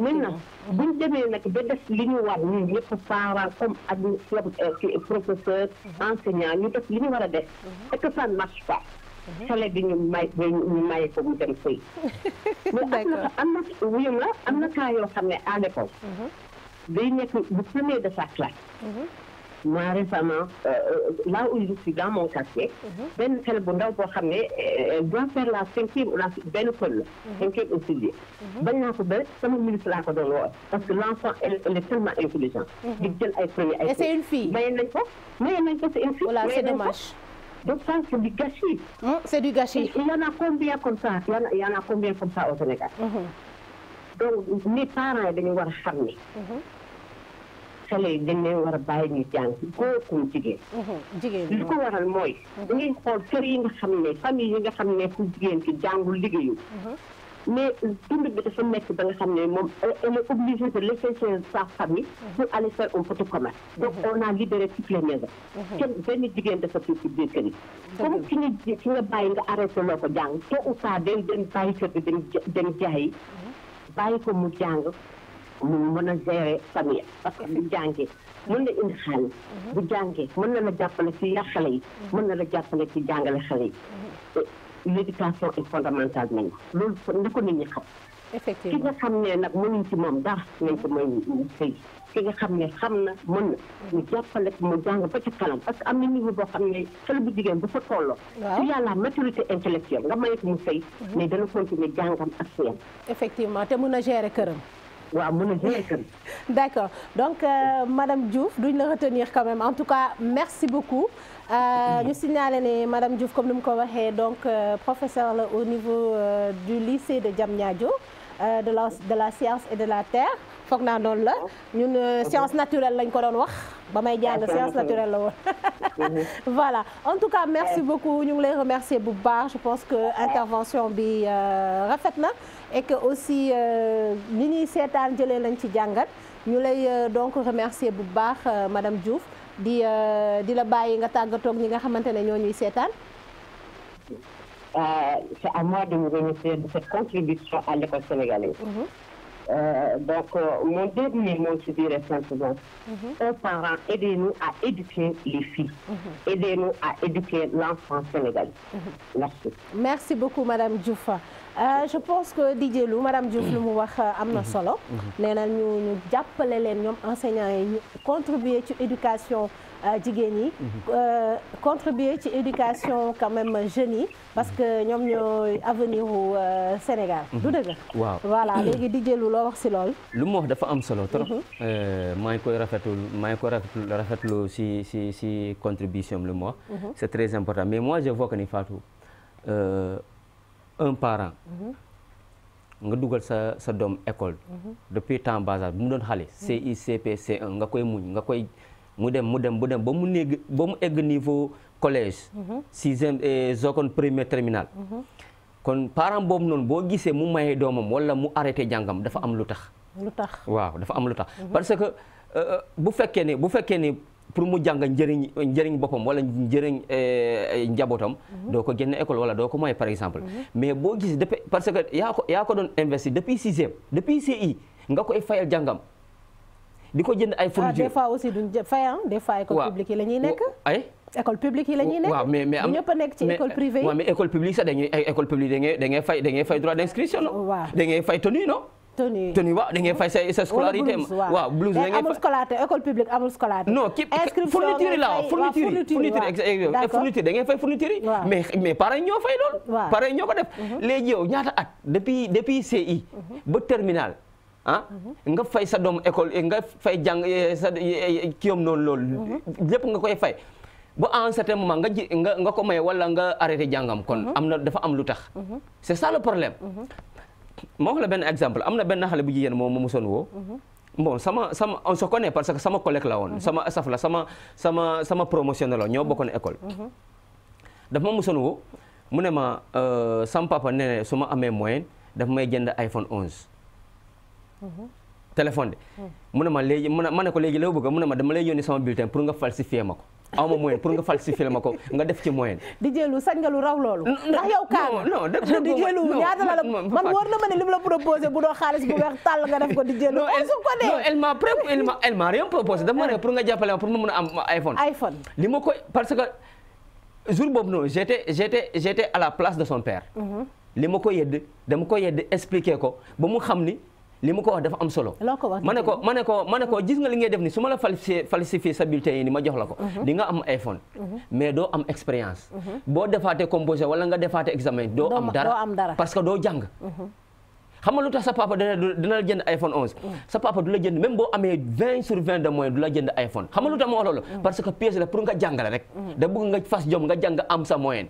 Speaker 4: maintenant bu ñu demee nag ba def li ñu war ñun ñëpp parent comme ak euh, professeur. Mhm. enseignant ñu def li ñu war a def. et que ça ne marche pas. xale bi ñu may ko mu dem sëy. mais am na am na cas yoo xam ne à l'école. day nekk bu premier de sa classe. moi récemment euh, là où je suis dans mon quartier. Mhm. benn xel bu ndaw boo xam ne euh, doit faire la cinquième ou la benn pël la. Mhm. cinquième auxiliaire. Mhm. bañ naa ko ba sama ministre laa ko doon woo parce que l' enfant elle elle est di jël ay premier ay. et maye nañ ko maye nañ ko c' est une fille. voilà oh c' est dommage. donc ça c' est du gâchis. c' est du gâchis. il y en a combien comme ça il y a a donc ni parents yi war a xam ne. xale yi dañ war a bàyyi ñu jàng góor kum jigéen.
Speaker 1: Mhm, jigéen li ko
Speaker 4: waral mooy. Mhm. da ngay xool kër yi nga xam ne famille yi nga xam ne fu jigéen ki jàngul liggéeyu. Mhm. mais dund bi dafa nekk ba nga xam ne moom elle est obligée de laisser sa famille pour aller faire un petit commerce donc on a libéré toutes les maisons kenn benn jigéen dafa fi ci biir kër yi comme ki ñu nga bàyyi nga arrêté loo ko jàng tôt ou tard dañ dem bàyyi kër bi dem dem jaayi bàyyi ko mu jàng mu mën a gérer famille parce que bu jàngee mën na indi xaalis bu mhm. jàngee mën na la jàppale ci yar xale yi mhm. mën na jàppale ci jàngale xale yi mhm. l'éducation est fondamentale nañu loolu na ko nit ñi xam effectivement ki nga xam ne nag mënuñ ci moom dara nañ ko may sëy ki nga xam ne xam na mën na ñu jàppale ko mu jàng ba ca kanam parce que am na niveau boo xam ne xale bu jigéen bu fa tolloo
Speaker 3: su yàlla
Speaker 4: maturité intellectuelle nga may mu sëy mais dana continuer jàngam ak sëyam
Speaker 1: effectivement te mën a gérer këram waaw accord donc euh, madame Diouf duñ la retenir quand même en tout cas merci beaucoup. Euh, mm-hmm. ñu signalé ne madame Diouf comme ni mu ko waxee donc euh, professeur la au niveau euh, du lycée de Diamniadio euh, de la de la science et de la terre foog naa noonu la oh. ñun euh, science naturelle lañ ko doon wax ba may jàng science naturelle la woon mm-hmm. voilà en tout cas merci eh. beaucoup ñu ngi lay remercier bu baax je pense que eh. intervention bi rafet na. et que aussi euh, li ñuy seetaan jëlee lañ ci jàngat ñu lay euh, donc remercier bu baax euh, madam Diouf di di la bàyyi nga tàggatoog ñi nga xamante ne ñoo ñuy seetaan.
Speaker 4: c'est à moi de vous remercier de cette contribution à l'école sénégalaise. Mm-hmm. Euh, donc euh, mon dernier mot, c'est de dire simplement mhm. aux parents, aidez nu à éduquer les filles, mhm. aidez-nous à éduquer l'enfant sénégalais. Mhm.
Speaker 1: Merci. beaucoup, Madame Djoufa. Euh, je pense que Didier lu madame Diouf lu mu wax euh, am na solo nee na ñu ñu jàppale leen ñoom enseignants yi ñu contribuer ci éducation Euh, jigéen yi mhm. euh, contribuer ci éducation quand même jeunes yi parce que ñoom ñooy avenir u euh, Sénégal mhm. du dëgg
Speaker 2: waaw voilà léegi
Speaker 1: di jëlu loo wax si lool
Speaker 2: lu mu wax dafa am solo trop mhm. maa ngi koy rafetul maa ngi koy si si si contribution lu mu important mais mois je vois que ni Fatou un parent nga dugal sa sa doom école depuis temps bas âge bu mu doon xale CI CP nga koy muñ nga koy mu dem mu dem bu dem ba mu néeg ba mu egg niveau collège mhm. sixième zokon premier terminal mhm. kon parent boobu noonu boo gisee mu maye doomam wala mu arrêté jàngam dafa am lu tax lu tax waaw dafa am lu tax mhm. parce que euh, euh, bu fekkee ne bu fekkee ne pour mu jàng njëriñ njëriñ boppam wala njëriñ euh, njabootam doo ko génne école wala doo ko may par exemple mais boo gis depuis parce que yaa ko yaa ko doon investi depuis sixième depuis nga koy fayal jàngam di ko jënd ay ah, fourniture. des
Speaker 1: fois aussi fay ah des fois yi la nekk. ay école publique yi la nekk. waaw
Speaker 2: mais mais am ñëpp a nekk ci école privée yi. waaw mais fay da ngay fay droit d'inscription fay tenue non. tenue tenue waaw fay sa sa scolarité. waaw blouse fay amul
Speaker 1: scolarité école publique amul eh, fay
Speaker 2: fourniture yi. mais ñoo fay loolu. waaw ñoo ko def. Mhm. léegi ñaata at depuis depuis CI. terminal ah mhm. nga fay sa doom école eh, nga fay jàng eh, sa eh, kiyom noonu loolu mhm. lépp nga koy fay ba à ma nga ji nga nga ko may wala nga arrêté jàngam kon mhm. am na dafa am lu tax c'est ça le problème moo wax la exemple am na benn xale bu jigéen moom ma mosoon woo bon sama sama on se connaît parce que sama collègue la woon sama saf la sama sama sama promotionnel la ñoo bokkoon école dafa ma mosoon woo mu ne ma euh, sama papa ne su ma amee moyen dafa may jënd iPhone 11 téléphone de mu ne ma léegi mu ne ma ne ko léegi loo bëgg mu ne ma dama lay yónni nga falsifier ma ko aw moyen pour nga falsifier ma ko nga def ci moyen
Speaker 1: di jëlu sañ nga lu raw loolu ndax yow kaa non di jëlu ñaata la man wóor na ma ne li la proposé bu doo xaalis bu weex tàll nga def ko nga
Speaker 2: jàppale ma pour ma mën a am iPhone iPhone li parce que jour boobu noonu j'étais j'étais j'étais la place de son père mm-hmm. li ma ko yedd dama ko yedd expliquer ko ba mu xam ni li mu ko wax dafa am solo
Speaker 3: ma ne ko ma ne ko ma ne
Speaker 2: ko gis nga li ngay def ni su ma la falsifié falsifié sa bulletin yi ni ma jox la ko mhm. di nga am iPhone mhm. mais doo am expérience mhm. boo defaatee composé wala nga defaatee examen doo am dara parce que doo jàng xam nga lu tax sa papa dana dina la boo amee 20 sur 20 de moyen la jënd iPhone xam nga lu tax ma wax parce que pièce la pour nga jàngale rek da bëgg nga fas jom nga jàng am sa moyenne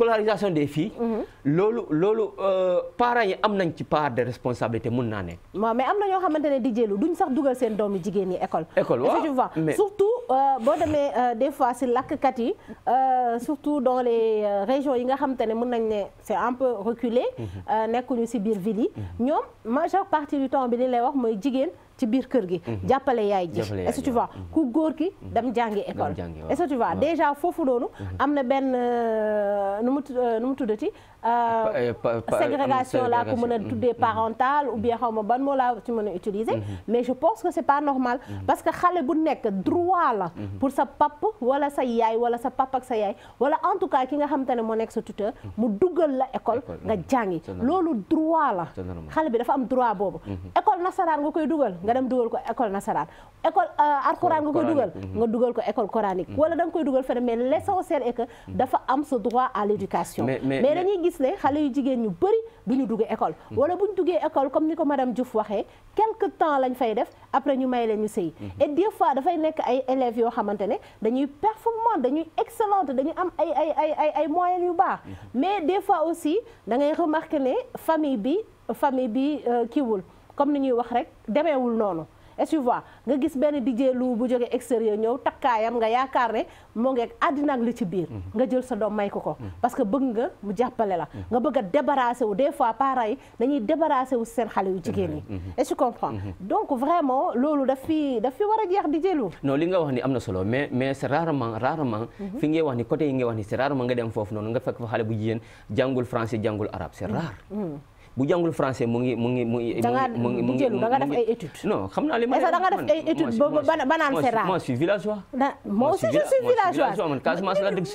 Speaker 2: scolarisation des filles. Mhm. loolu loolu euh, parents yi am nañ ci part de responsabilité mun naa ne.
Speaker 1: waaw mais am na ñoo xamante ne di jëlu duñ sax dugal seen doomi jigéen ñi école. école waaw surtout euh, boo demee euh, des fois si lakkat yi surtout dans les régions yi nga xamante ne mën nañ ne c'est un peu reculé. Mhm. nekkuñu si biir ville yi. Mhm. ñoom majeure partie du temps bi lay wax mooy jigéen. ci biir kër gi mhm. jàppale yaay ji mhm. est-ce que tu vois ku góor ki dem jàngi école est-ce que tu vois déjà foofu noonu mhm. am na benn euh, nu mu euh, nu mu tuddati euh, ségrégation laa ko mën a tuddee parentale ou bien xaw ma ban moo laa ci mën a utiliser mais je pense que c'est pas normal parce que xale bu nekk droit la pour sa pap wala sa yaay wala sa pap ak sa yaay wala en tout cas ki nga xamante ne moo nekk sa tuteur mu duggal la école nga jàngi loolu droit la xale bi dafa am droit boobu école nasaraan nga nga dem dugal ko école nasaraan école euh, alxuraan nga koy dugal mhm. nga dugal ko école coranique wala da nga koy dugal feneen mais l'essentiel est que mhm. am ce droit à l'éducation mais dañuy gis ne xale yu jigéen ñu bëri du ñu école mhm. wala buñ duggee école comme ni ko madame Diouf waxee quelque temps lañ fay def après ñu may leen ñu sëy et des fois dafay nekk ay élèves yoo xamante ne dañuy performant dañuy excellente dañuy am ay ay ay ay ay yu baax mais des fois aussi dangay ngay remarquer ne famille bi famille bi euh, kiiwul comme ni ñuy wax rek demeewul noonu et tu nga gis benn DJ lu bu jógee extérieur ñëw takkaayam nga yaakaar ne moo ngeeg àddina la ci biir mhm. nga jël sa doom may ko ko mhm. parce que bëgg nga mu jàppale la mhm. nga bëgg a débarrassé wu des fois parents yi dañuy débarrassé wu seen xale yu jigéen yi et tu donc vraiment loolu daf fi daf fi war a jeex DJ lu
Speaker 2: non li nga wax ni am na solo mais mais c'est rarement rarement fi ngay wax ni côté yi ngay wax ni c'est rarement nga dem foofu noonu nga fekk fa xale bu jigéen jàngul français jàngul arabe c'est rare bu jàngul français mu ngi mu ngi mu ngi. mu ngi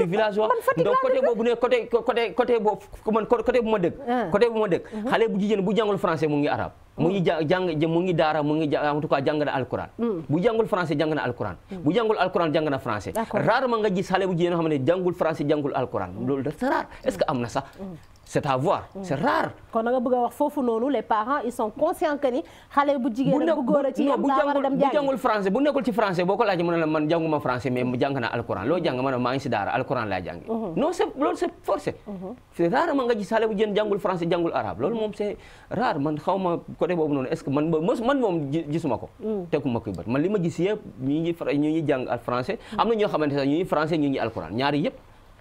Speaker 2: mu boobu ne côté côté côté boobu man côté bu ma dëkk. Ah. ngi arabe. mu ngi jàng mu ngi daara mu ngi na alquran hmm. bu jàngul français jàng na alquran hmm. bu jàngul alquran jàng na français rarement nga gis xale bu jigéen yoo xam ne jàngul français jàngul alquran na sax hmm. c'est à voir c'est rare. kon nga bëgg wax
Speaker 1: foofu noonu les parents ils sont conscients que ni bu jigéen bu góor ci yem bu jàngul
Speaker 2: français bu nekkul ci français boo ko mu ne la man jànguma français mais jàng naa alquran loo ma ne maa ngi si daara alquran laa jàngi mhm. non c'est loolu c'est forcé mhm. c'est nga gis xale bu jigéen jàngul français jàngul arabe loolu moom c'est rare man xaw ma côté boobu noonu est que man mos man moom gisuma ko mm. teguma koy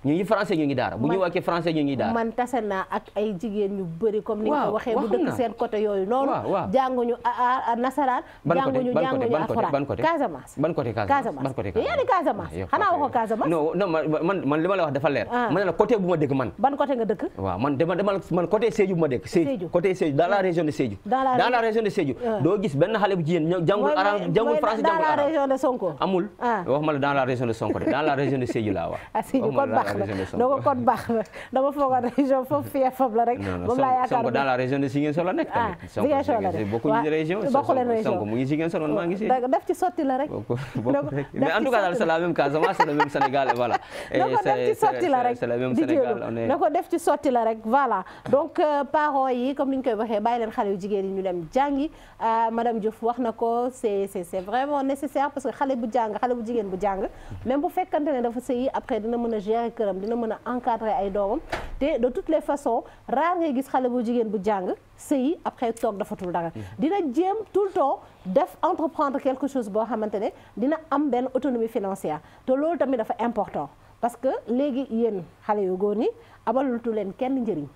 Speaker 2: ñu ngi français ñu bu ñu wàccee français ñu ngi daara man
Speaker 1: tase ay jigéen ñu bëri comme ni ko waxee bu dëkk seen côté yooyu noonu jànguñu nasaraan jànguñu jànguñu alxuraan Casamance
Speaker 2: ban côté Casamance yaa
Speaker 1: ni Casamance xanaa waxoo Casamance non
Speaker 2: non man man li ma la wax dafa leer ah. ma ne la côté bu ma dëkk man ban côté nga dëkk waaw man dama dama man côté Sédhiou bu ma dëkk Sédhiou dans la ah. région de Sédhiou
Speaker 3: dans la région de Sédhiou ah. doo
Speaker 2: gis benn xale bu jigéen ñëw jàngul arabe français dans la région de
Speaker 1: Sonko na donc kon baax na dama foogoon région foofu fii foofu la rek. moom laa yaakaar Sonko dans
Speaker 2: la région de Ziguinchor la nekk tamit. ah Ziguinchor la nekk bokkuñu région Sonko mu ngi Ziguinchor man maa ngi si.
Speaker 1: daf ci sotti la rek.
Speaker 2: mais en tout cas daal c'est la même Casamance c'est le même Sénégal voilà. na ko def ci sotti la rek di jéem na ko
Speaker 1: def ci sotti la rek voilà donc euh, parents yi comme ni ñu koy waxee bàyyi leen xale yu jigéen yi ñu dem jàngi ah, madame Diouf wax na ko c'est c'est vraiment nécessaire parce que xale bu jàng xale bu jigéen bu jàng même bu fekkante ne dafa sëyi après dina mën a gérer jëkkëram dina mën a encadrer ay doomam te de toutes les façons raar ngay gis xale boo jigéen bu jàng sëyi après toog dafatul dara mhm. dina jéem tout le temps def entreprendre quelque chose boo xamante ne dina am benn autonomie financière te loolu tamit dafa important parce que léegi yéen xale yu góor ñi amalatu leen kenn njëriñ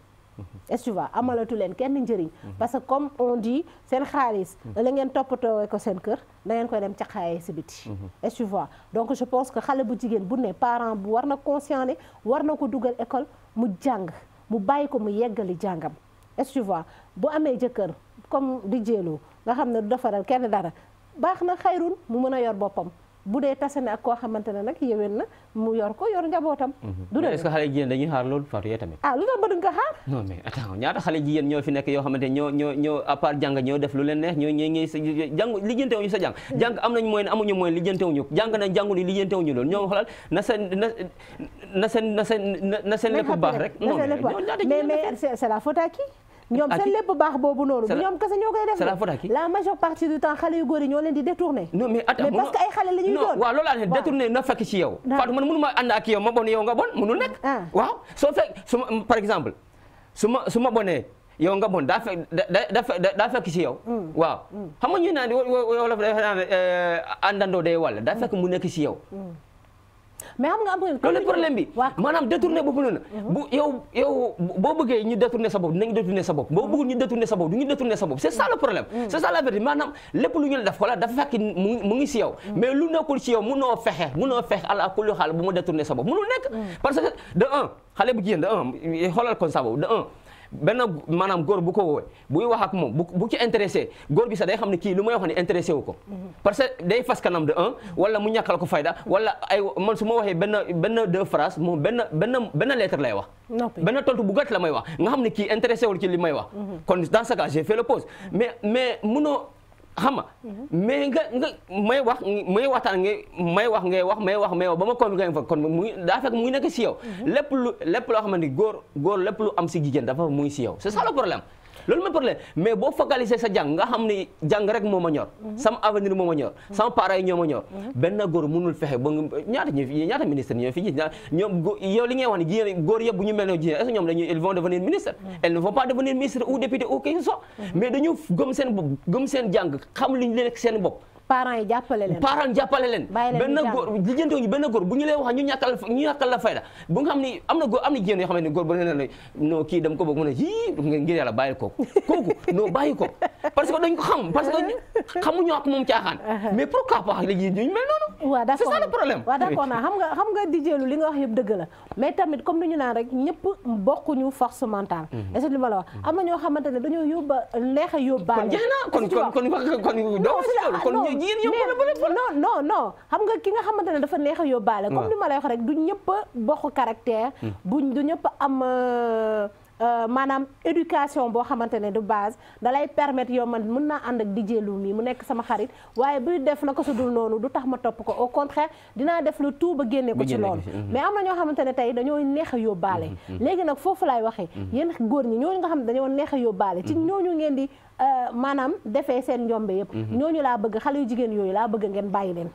Speaker 1: est-ce amalatu leen kenn njëriñ mhm. parce que comme on di seen xaalis mhm. la ngeen toppatoo ko seen kër da ngeen koy dem ca xaayee si biti mhm. est-ce que donc je pense que xale bu jigéen bu ne parent bu war na conscient ne war na ko dugal école mu jàng mu bàyyi ko mu yeggali jàngam est bu amee jëkkër comme di jéeloo nga xam ne du defaral kenn dara baax na xayrun mu mën a yor boppam bu dee tase na ak koo xamante ne nag yéwén na mu yor ko yor njabootam.
Speaker 2: Mhm. du dee est-ce que xale jigéen dañuy xaar loolu Fatou yéen tamit.
Speaker 1: ah lu tax ba duñ ko xaar.
Speaker 2: non mais attends ñaata xale jigéen ñoo fi nekk yoo xamante ne ñoo ñoo ñoo à part jàng ñoo def lu leen neex ñoo ñoo ñooy sa jàng lijjantewuñu sa jàng. Mm. jàng am nañ mooy amuñu mooy lijjantewuñu jàng nañ jànguñu lijjantewuñu loolu ñoom xoolal na seen na na seen na seen na seen lépp baax rek. non
Speaker 1: mais mais c'est la faute à qui ñoom seen lépp baax boobu noonu bu ñoom kese ñoo koy def la faute à qui la majeure partie du temps xale yu góor yi ñoo leen di détourné non mais attends
Speaker 2: mais parce la ñuy doon waaw loolu la détourné na fekk ci yow Fatou man mënu ma ànd ak yow ma bon yow nga bon mënul
Speaker 3: nekk ah. waaw
Speaker 2: soo fekk su par exemple su yow nga bon daa fekk daa fekk ci yow mm. waaw mm. xam nga ñu naan yow la eh, mu nekk ci yow
Speaker 1: mm. mais xam nga amul loolu problème bi
Speaker 2: maanaam détourné bopp noonu mhm. bu yow yow boo bëggee ñu détourné sa bopp dinañ détourné sa bopp boo bëggul ñu détourné sa bopp du ñu détourné sa bopp c'est mhm. maanaam lépp lu ñu la def ko la dafa mu ngi si yow mhm. mais lu nekkul si yow mënoo fexe mënoo fexe ala kulli xaal bu mu détourné sa bopp mënul nekk parce que de un xale bu jigéen de un kon sa bopp de benn maanaam góor bu ko woowee buy moom bu bu ci intéressé day xam ne kii lu may wax ne intéressé mm-hmm. parce que day fas kanam de un wala mu ñàkkal ko fayda wala ay man su ma waxee benn benn deux phrases moom benn benn benn lettre lay wax benn tontu la may wax nga xam ne kii intéressé wul ci li may mm-hmm. kon dans ce cas j'ai fait le pause mais mais munoo xam nga mais nga nga may wax may waxtaan nga may wax ngay wax may wax may wax ba ma kon nga fa kon muy daa fekk muy nekk si yow mhm. lépp lu lépp loo xamante ni góor góor lépp lu am si jigéen dafa muy si yow c'est ça le problème loolu mooy problème mais boo focaliser sa jàng nga xam ne jàng rek moo ma ñor mhm. sama avenir moo ma ñor mhm. sama parents yi ñoo ma ñor mhm. benn góor mënul fexe ba ñaata ñu ñaata ministre ñoo fi gis ñoom yow li ngay wax ne jigéen góor yëpp ñu mel ne jigéen est-ce que ñoom dañuy ils vont devenir ministre elles ne vont pas devenir ministre ou député seen bopp gëm seen jàng xam liñ leen seen bopp parents yi jàppale leen benn góor lijjantoo ñu benn góor bu ñu lay wax ñu ñu ñàkkal la fayda bu nga xam ne am na góor am ni ñu mm-hmm. mm-hmm. na ñoo
Speaker 1: xamante ne kon kon kon kon ah, kon jigéen yow non non non xam nga ki nga xamante ne dafa neex a yóbbaale comme ni ma lay wax rek du ñëpp bokk caractère hmm. buñ du ñëpp am euh, Euh, maanaam éducation boo xamante ne de base dalay permettre yow man mën naa ànd ak DJ Loumi mu nekk sama xarit waaye buy def na ko su dul noonu du tax ma topp ko au contraire dinaa def lu tout ba génnee ko ci loolu mhm. mais am na ñoo xamante ne tey dañoo neex a yóbbaale mhm, mhm. léegi nag foofu laay waxee yéen góor ñi ñooñu nga xam ne dañoo neex a yóbbaale ci ñu ngeen di euh, maanaam defee seen njombe yëpp ñu laa bëgg xale yu jigéen yooyu laa bëgg ngeen bàyyi leen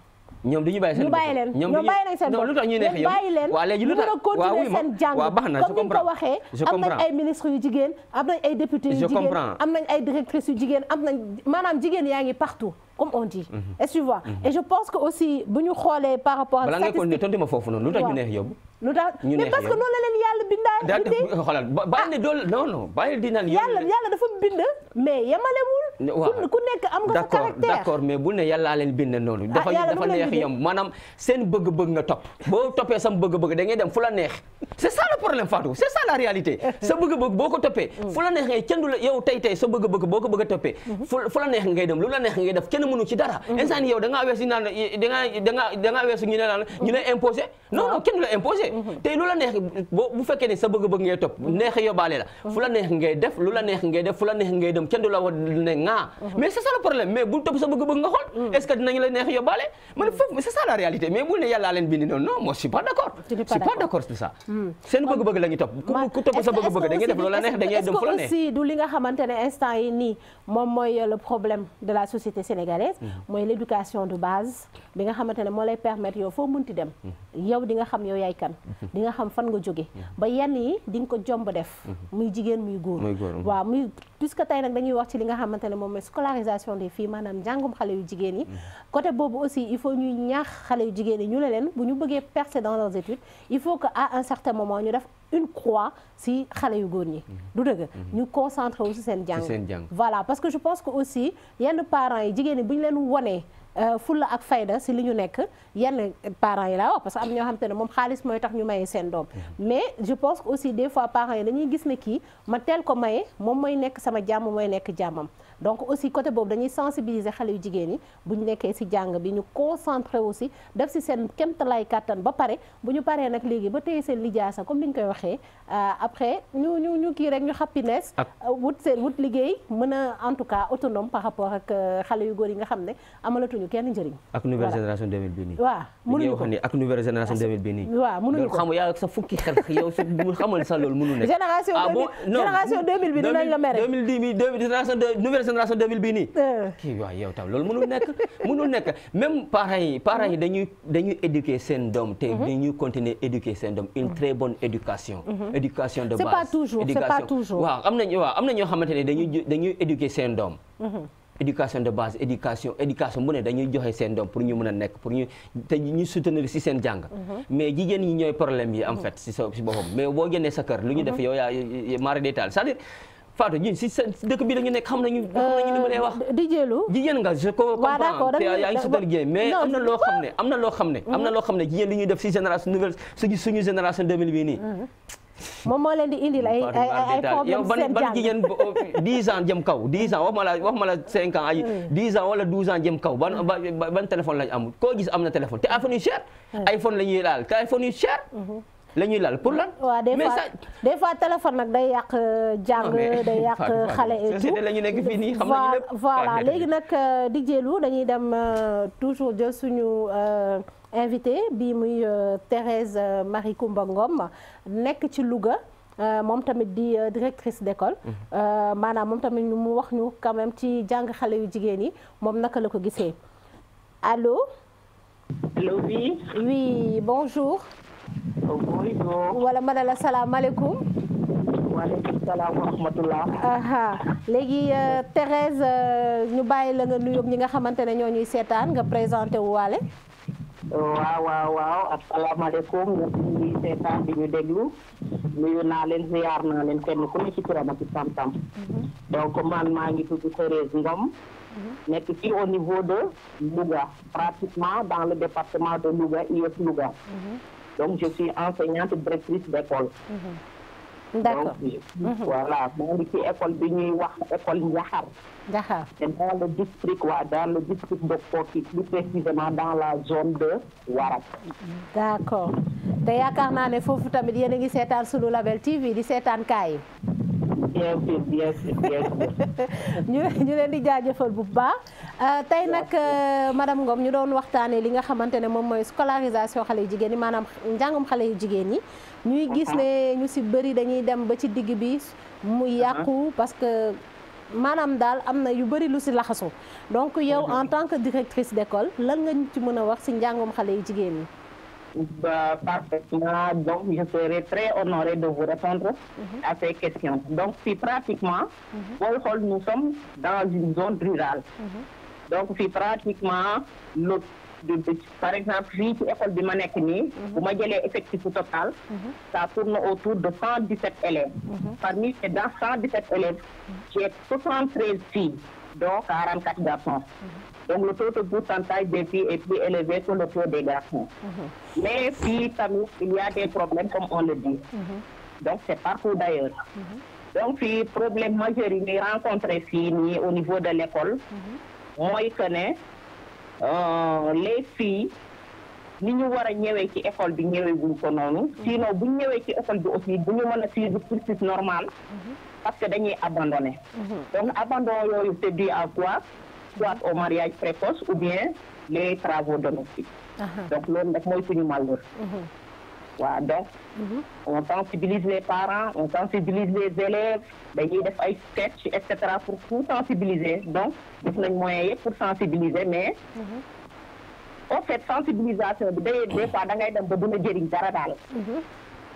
Speaker 2: ñoom dañuy bàyyi seen bopp ñoom bàyyi nañ seen bopp lu tax ñuy neex yow waaw léegi lu tax waaw oui waaw baax na je comprends je comprends comme ni nga ko waxee am nañ ay
Speaker 1: ministres yu jigéen am nañ ay députés yu jigéen am nañ ay directrices yu jigéen am nañ maanaam jigéen yaa ngi partout comme on dit. Mhm. est-ce mhm. que je pense que aussi bu ñu xoolee par rapport ak. statistique balaa nga
Speaker 2: tontu ma foofu noonu lu tax ñu neex yóbbu.
Speaker 1: lu bindaa.
Speaker 2: ne dool non non di naan yàlla
Speaker 1: yàlla mais yemalewul. waaw ku nekk am nga sa caractère d'accord
Speaker 2: mais bu ne yàllaa leen bind noonu. dafa ah, dafa neex yomb maanaam seen bëgg-bëgg nga topp. boo toppee sam bëgg-bëgg da ngay dem fu la neex c'est ça le problème Fatou c'est ça la réalité. sa bëgg-bëgg boo ko toppee. Mm. fu la neex ngay cëndu la yow tey tey sa bëgg-bëgg boo ko bëgg a toppee. Mm-hmm. fu la neex ngay dem lu la neex ngay kenn mënu ci dara mhm. instant
Speaker 1: yi nii moom mooy le problème de la société sénégalaise sénégalaise mhm. mooy l'éducation de base bi nga xamante ne moo lay permettre yow foo mun ti dem mhm. yow di nga xam yow yaay kan mhm. di nga xam fan nga jóge ba yenn yi di nga ko jomb def muy jigéen muy góor waaw muy puisque tey nag dañuy wax ci li nga xamante ne moom mooy scolarisation des filles maanaam njàngum xale yu jigéen yi mm-hmm. côté boobu aussi il faut ñuy ñaax xale yu jigéen yi ñu ne leen bu ñu bëggee percer dans leurs études il faut que à un certain moment ñu def une croix si xale yu góor ñi mm-hmm. du dëgg mm-hmm. ñu concentré aussi seen jàng voilà parce que je pense que aussi yenn parents yi jigéen yi bu ñu leen wonee Euh, fulla ak fayda si li ñu nekk yenn parent yi laa wax parce que am ñoo xam te ne moom xaalis mooy tax ñu maye seen doom mm-hmm. mais je pense aussi des fois parents yi dañuy gis ne kii ma teel ko maye moom mooy nekk sama jàmm mooy nekk jàmmam donc aussi côté boobu dañuy sensibiliser xale yu jigéen yi bu ñu nekkee ci jàng bi ñu concentré aussi def ci seen kemtalaay kàttan ba pare bu ñu paree nag léegi ba téye seen lijaasa comme ni ñu koy waxee euh, après ñu ñu ñu kii rek ñu happiness wut seen wut liggéey mën a en tout cas autonome par rapport ak euh, xale yu góor yi nga xam ne amalatuñu kenn njëriñ
Speaker 2: ak nouvelle génération bi nii waaw mënuñu ko ak sa fukki xel yow sa xamal sa loolu mënu nekk génération 2000 ah génération 2000 bii nii. Eh. kii waaw yow tam loolu mënul nekk mënul nekk même parents yi dañuy dañuy doom te mhm. dañuy continuer éduquer doom une très bonne éducation. de base c'est pas bu ne dañuy joxe seen doom pour ñu mën a nekk pour ñu te soutenir si seen jàng. Mhm. mais jigéen ñi ñooy problème yi en mhm. fait si sa mais boo génnee sa kër. lu ñu def yow yaa mara détail c'est-à-dire. Fatou ñun si seen dëkk bi la nekk am na loo xam ne
Speaker 1: am di indil ay ay ay problème seen
Speaker 2: jàng ban jigéen la wax ma mm. mm. gis am na téléphone te iPhone yu cher. Mm. iPhone la ñuy laal te iPhone yu cher. Mhm. la ñuy lal pour lan.
Speaker 1: waaw des fois des fois téléphone nag day yàq euh, jàng day yàq xale et tout la ñu nekk fii nii xam nañu lépp voilà léegi nag euh, Didier Lou dañuy dem euh, toujours jël suñu invité bii muy Thérèse Marie Coumba Ngom nekk ci Louga. moom tamit di directrice d'école mhm. maanaam moom tamit ñu mu wax ñu quand ci jàng xale yu jigéen yi moom naka la ko gisee allo. allo oui. bonjour. wala ma ne la salaamaaleykum. maaleykum salaam
Speaker 4: wa
Speaker 1: léegi euh, Thérèse euh, ñu bàyyi la nga nuyoog ñi nga xamante ne ñoo ñuy seetaan nga présenté wu
Speaker 4: waale. waaw waaw waaw asalaamaaleykum ñuy seetaan di ñu déglu nuyu naa leen ziar naa leen kenn ku ne ci turam ak santam mhm. donc man maa ngi tudd Thérèse Ngom mhm. nekk fii au niveau de Louga pratiquement dans le département de luga IEF Louga donc je suis enseignante directrice d'école
Speaker 3: mhm.
Speaker 4: d'accord donc mhm. voilà moo ci école bi ñuy wax école Ndiakhar. Ndiakhar c'est dans le district waa dans le district de Koki plus précisément dans la zone de Warak.
Speaker 1: d'accord te yaakaar naa ne foofu tamit yéen a ngi seetaan sunu Label TV di seetaan kaay. bien ñu leen di jaajëfal bu baax. Euh, tey nag euh, madame Ngom ñu doon waxtaanee li nga xamante ne moom mooy scolarisation xale yu jigéen ñi maanaam njàngum xale yu jigéen ñi. ñuy gis ne ñu si bëri dañuy dem ba ci digg bi. mu yàqu parce que maanaam daal am na yu bëri lu si laxasu. donc yow en tant que directrice d'école lan nga ñu ci
Speaker 4: mën a wax si njàngum xale yu jigéen ñi. bah, parfaitement. Donc, je serai très honorée de vous répondre mm -hmm. à ces questions. Donc, si pratiquement, mm -hmm. nous sommes dans une zone rurale. Mm -hmm. Donc, si pratiquement, le, de, de, par exemple, si l'école de Manekini, vous mhm. m'avez les effectifs total, mhm. ça autour de 117 élèves. Mhm. Parmi ces 117 élèves, j'ai 73 filles, dont 44 garçons. donc le taux de pourcentage des filles est plus élevé que le taux des garçons. Mhm. mais fii tamit il y a des problèmes comme on le dit. Mhm. donc c'est partout d'ailleurs. Mhm. donc fii problème majeur yi ñuy rencontré fii nii au niveau de l'école. mooy que ne euh, les filles. ni ñu war ñëwee ci école bi ñëweewuñ ko noonu. sinon bu ñëwee ci école bi aussi bu ñu mën a suivre cursus normal. parce que dañuy abandonné. donc abandon yooyu c'est dû à quoi. soit au mariage précoce ou bien les travaux domestiques. donc loolu nag mooy suñu malheur. Mhm. waaw donc. Mhm. on sensibilise les parents on sensibilise les élèves dañuy def ay sketch et cetera pour pour sensibiliser donc def nañ moyens yëpp pour sensibiliser mais. Mhm. au fait sensibilisation bi day des fois da ngay dem ba dina jëriñ dara daal.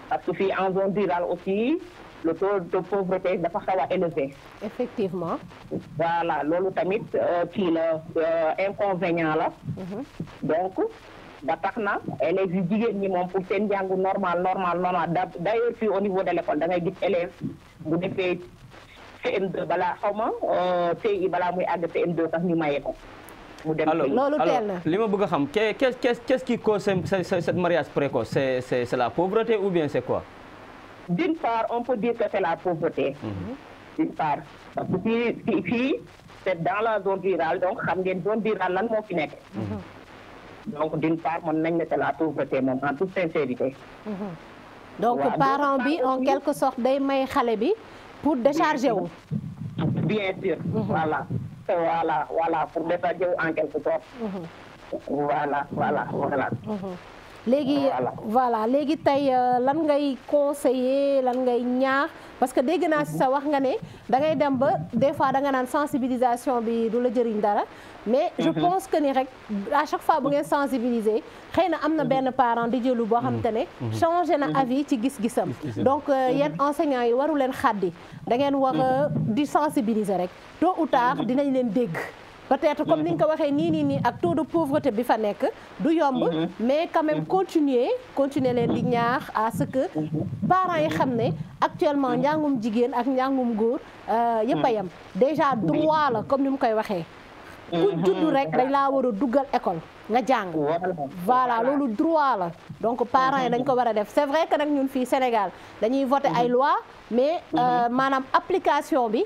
Speaker 4: parce que fii le taux de pauvreté dafa xaw a effectivement. voilà loolu tamit euh, kii la euh, inconvénient la. Mhm. donc ba tax na élèves yu jigéen ñi moom pour seen njàngu normal normal normal da d'ailleurs fi au niveau de l'école da ngay gis élèves bu defee CM2 balaa xaw ma CI euh, balaa muy àgg CM2 sax ñu maye ko. mu dem loolu teel na
Speaker 2: li ma bëgg a xam qu'est-ce qu'est-ce qui cause ce mariage précoce c'est c'est la pauvreté ou bien c'est quoi.
Speaker 4: d'une part, on peut dire que c'est la pauvreté. Mhm. D'une part. Parce que fii fii c'est dans la zone rurale donc xam ngen zone rurale lan moo fi nekk. Mhm. donc d'une part mon nañ ne c'est la pauvreté moom en toute sincérité. Mhm. donc parent
Speaker 1: bi en quelque sorte day may xale bi pour décharger wu.
Speaker 4: bien sûr. voilà voilà voilà pour décharger wu en quelque sorte. voilà voilà voilà.
Speaker 1: léegi ah, voilà léegi tey euh, lan ngay conseiller lan ngay ñaax parce que dégg naa si mhm. sa wax nga ne da ngay dem ba des fois da naan sensibilisation bi du la jëriñ dara mais je mhm. pense que ni rek à chaque fois bu ngeen mhm. sensibiliser xëy na am na benn parent di jëlu boo xam te ne changé na avis ci gis-gisam donc euh, yeen enseignants yi waru leen xaddi da ngeen war euh, di sensibiliser rek tôt ou tard dinañ leen dégg peut-être comme ni nga ko waxee nii nii nii ak taux de pauvreté bi fa nekk du yomb mhm. mais quand même mhm. continuer leen di ñaax à que mhm. parents yi xam ne actuellement njàngum jigéen ak njàngum góor euh, yëpp a yem déjà droit la comme ni mu koy waxee
Speaker 3: ku judd rek dañ laa
Speaker 1: war a duggal école nga jàng voilà loolu droit la donc parent yi dañ ko war a def c'est vrai que nag ñun fii Sénégal dañuy voter ay loi mais euh, maanaam application bi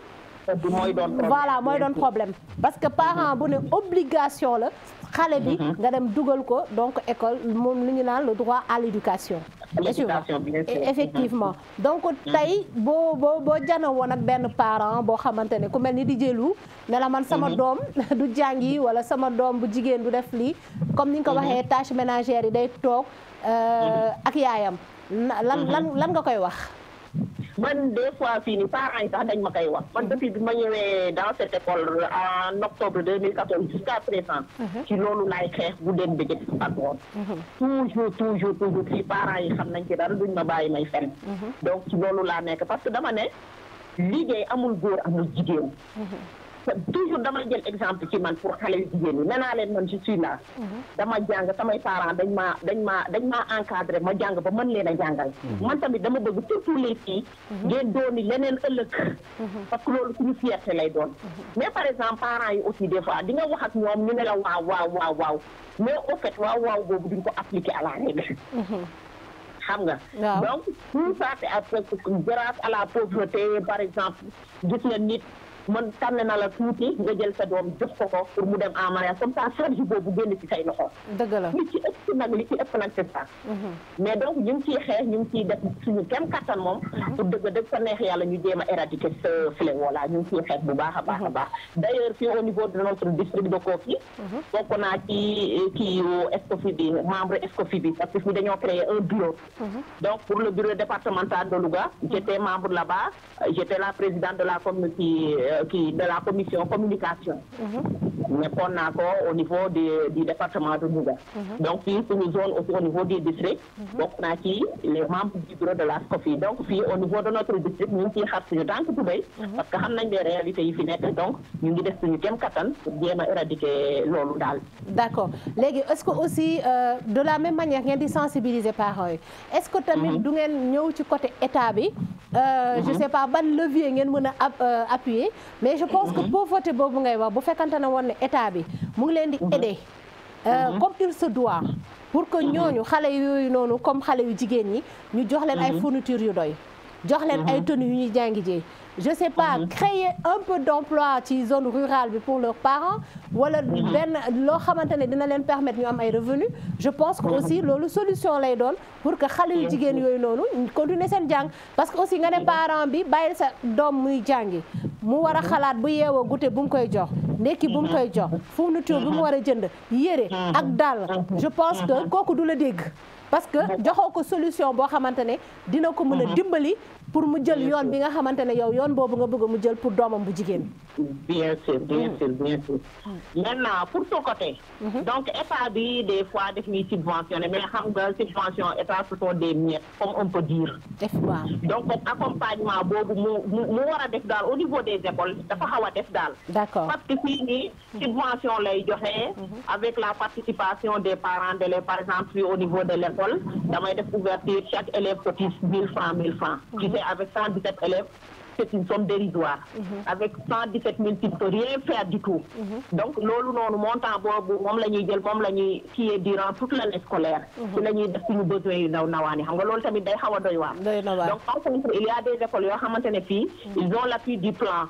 Speaker 1: voilà mooy doon problème parce que parent bu ne obligation la xale bi mm-hmm. nga dem dugal ko donc école moom lu ñu naan le droit à l'éducation e, effectivement mm-hmm. donc tey mm-hmm. boo boo boo woon ak benn parent boo xamante ne ku mel ni di jëlu ne man sama doom du jàngi wala sama doom bu jigéen du def lii comme ni nga ko waxee tâches ménagères yi day toog euh, ak yaayam lan lan lan nga
Speaker 4: koy wax man des fii ni parents yi sax dañ ma koy wax man depuis bi ma ñëwee dans cette école en octobre 2014 jusqu'à présent uh-huh. ci loolu laay xeex bu den bëjëg ak woon toujours toujours toujours ci parents yi xam nañ ci dara duñ ma bàyyi may fenn uh-huh. donc ci loolu laa nekk parce que dama ne liggéey amul góor amul jigéen uh-huh. toujours damay jël exemple ci man pour xale yu jigéen ñi nee naa leen man je suis là. Mhm. dama jàng samay parents dañ maa dañ maa dañ ma jàng ba mën leen a jàngal. Mhm. man tamit dama bëgg surtout les filles. Mhm. ngeen dooni leneen ëllëg. parce que loolu suñu fierté lay doon. mais par exemple parents yi aussi des fois wax ak ñoom ñu ne la waaw waaw waaw waaw mais au fait waaw waaw boobu duñ ko appliquer à la règle. xam nga donc tout ça a grâce a la pauvreté par exemple gis man tànn na la tuuti nga jël sa doom jox ko ko pour mu dem en comme ça charge boobu génn ci say loxo. dëgg la li ci ëpp nag li ci ëpp nag c'est ça. Mhm. mais donc ñu ngi ciy xeex ñu ngi ciy def suñu kem kattan moom. Mhm. pour dëgg dëgg fa neex yàlla ñu jéem a éradiquer ce ñu ngi ciy xeex bu baax a baax a mhm. baax. d'ailleurs fii au niveau de notre district de Koki. bokk naa ci kii SCOFI bi membre SCOFI bi parce que fii dañoo créer un bureau. donc la présidente kii euh, de la commission communication. nekkoon naa ko au niveau du du département de Louga. Mm-hmm. donc fii suñu zone au niveau du district. Mm-hmm. bokk naa ci les membres du bureau de la SCOFI donc fii au niveau de notre district ñu ngi xar suñu tànk tubéy. Mm-hmm. parce que xam nañ ne réalités yi fi donc ñu ngi def suñu kem kattan pour jéem a éradiquer loolu daal. d' accord léegi est ce que
Speaker 1: aussi euh, de la même manière ngeen di sensibiliser parents yi est ce que tamit du ngeen ñëw ci côté état Euh, je mhm. sais pas ban levier ngeen mën a euh, appuyer mais je pense que mhm. pauvreté boobu ngay wax bu fekkante ne woon ne état bi mu ngi leen di mhm. aider euh, comme il se doit pour que ñooñu xale yooyu noonu comme xale yu jigéen ñi ñu jox leen ay fourniture yu doy jox leen ay tenues yu ñuy jàngi jee je sais pas mhm. créer un peu d'emploi ci zone rurale bi pour leurs parents wala mhm. benn loo xamante ne dina leen permettre ñu am ay revenus je pense que mhm. aussi loolu solution lay doon pour que xalil jigéen yooyu noonu continuer seen jàng parce que aussi nga ne parent bi bàyyil sa doom muy jàngi mu war a xalaat bu yeewoo goûter bu mu koy jox ndekki bu mu koy jox fourniture bi mu war a jënd yére ak dàll je pense que kooku du la dégg parce que joxoo ko solution boo xamante ne dina ko mën a dimbali pour mu jël yoon bi nga xamante ne yow yoon boobu nga bëgg mu jël pour doomam bu jigéen
Speaker 4: bien sûr bien sûr bien sûr maintenant pour ce côté mhm. donc état bi des fois def ñuy subventionné mais xam nga subvention état ce sont des miettes comme on peut donc accompagnement boobu mu mu mu war a def daal au niveau des écoles dafa xaw a def daal d'accord parce que fii nii subvention lay joxe mhm. avec la participation des parents d'élèves par exemple fii au niveau de l'école damay def ouverture chaque élève cotise mille francs mille francs mhm. avec 117 élèves, c'est une somme dérisoire. Mhm. avec 117 000 tu ne peux rien faire tout. Mhm. donc loolu noonu montant boobu moom la ñuy jël moom la ñuy kiiyee durant toute l'année scolaire. Mhm. ci la ñuy def suñu besoin yu ndaw nawaani xam nga loolu tamit day xaw a doy waar. donc par contre il y des écoles yoo xamante ne fii. ils ont l'appui du plan.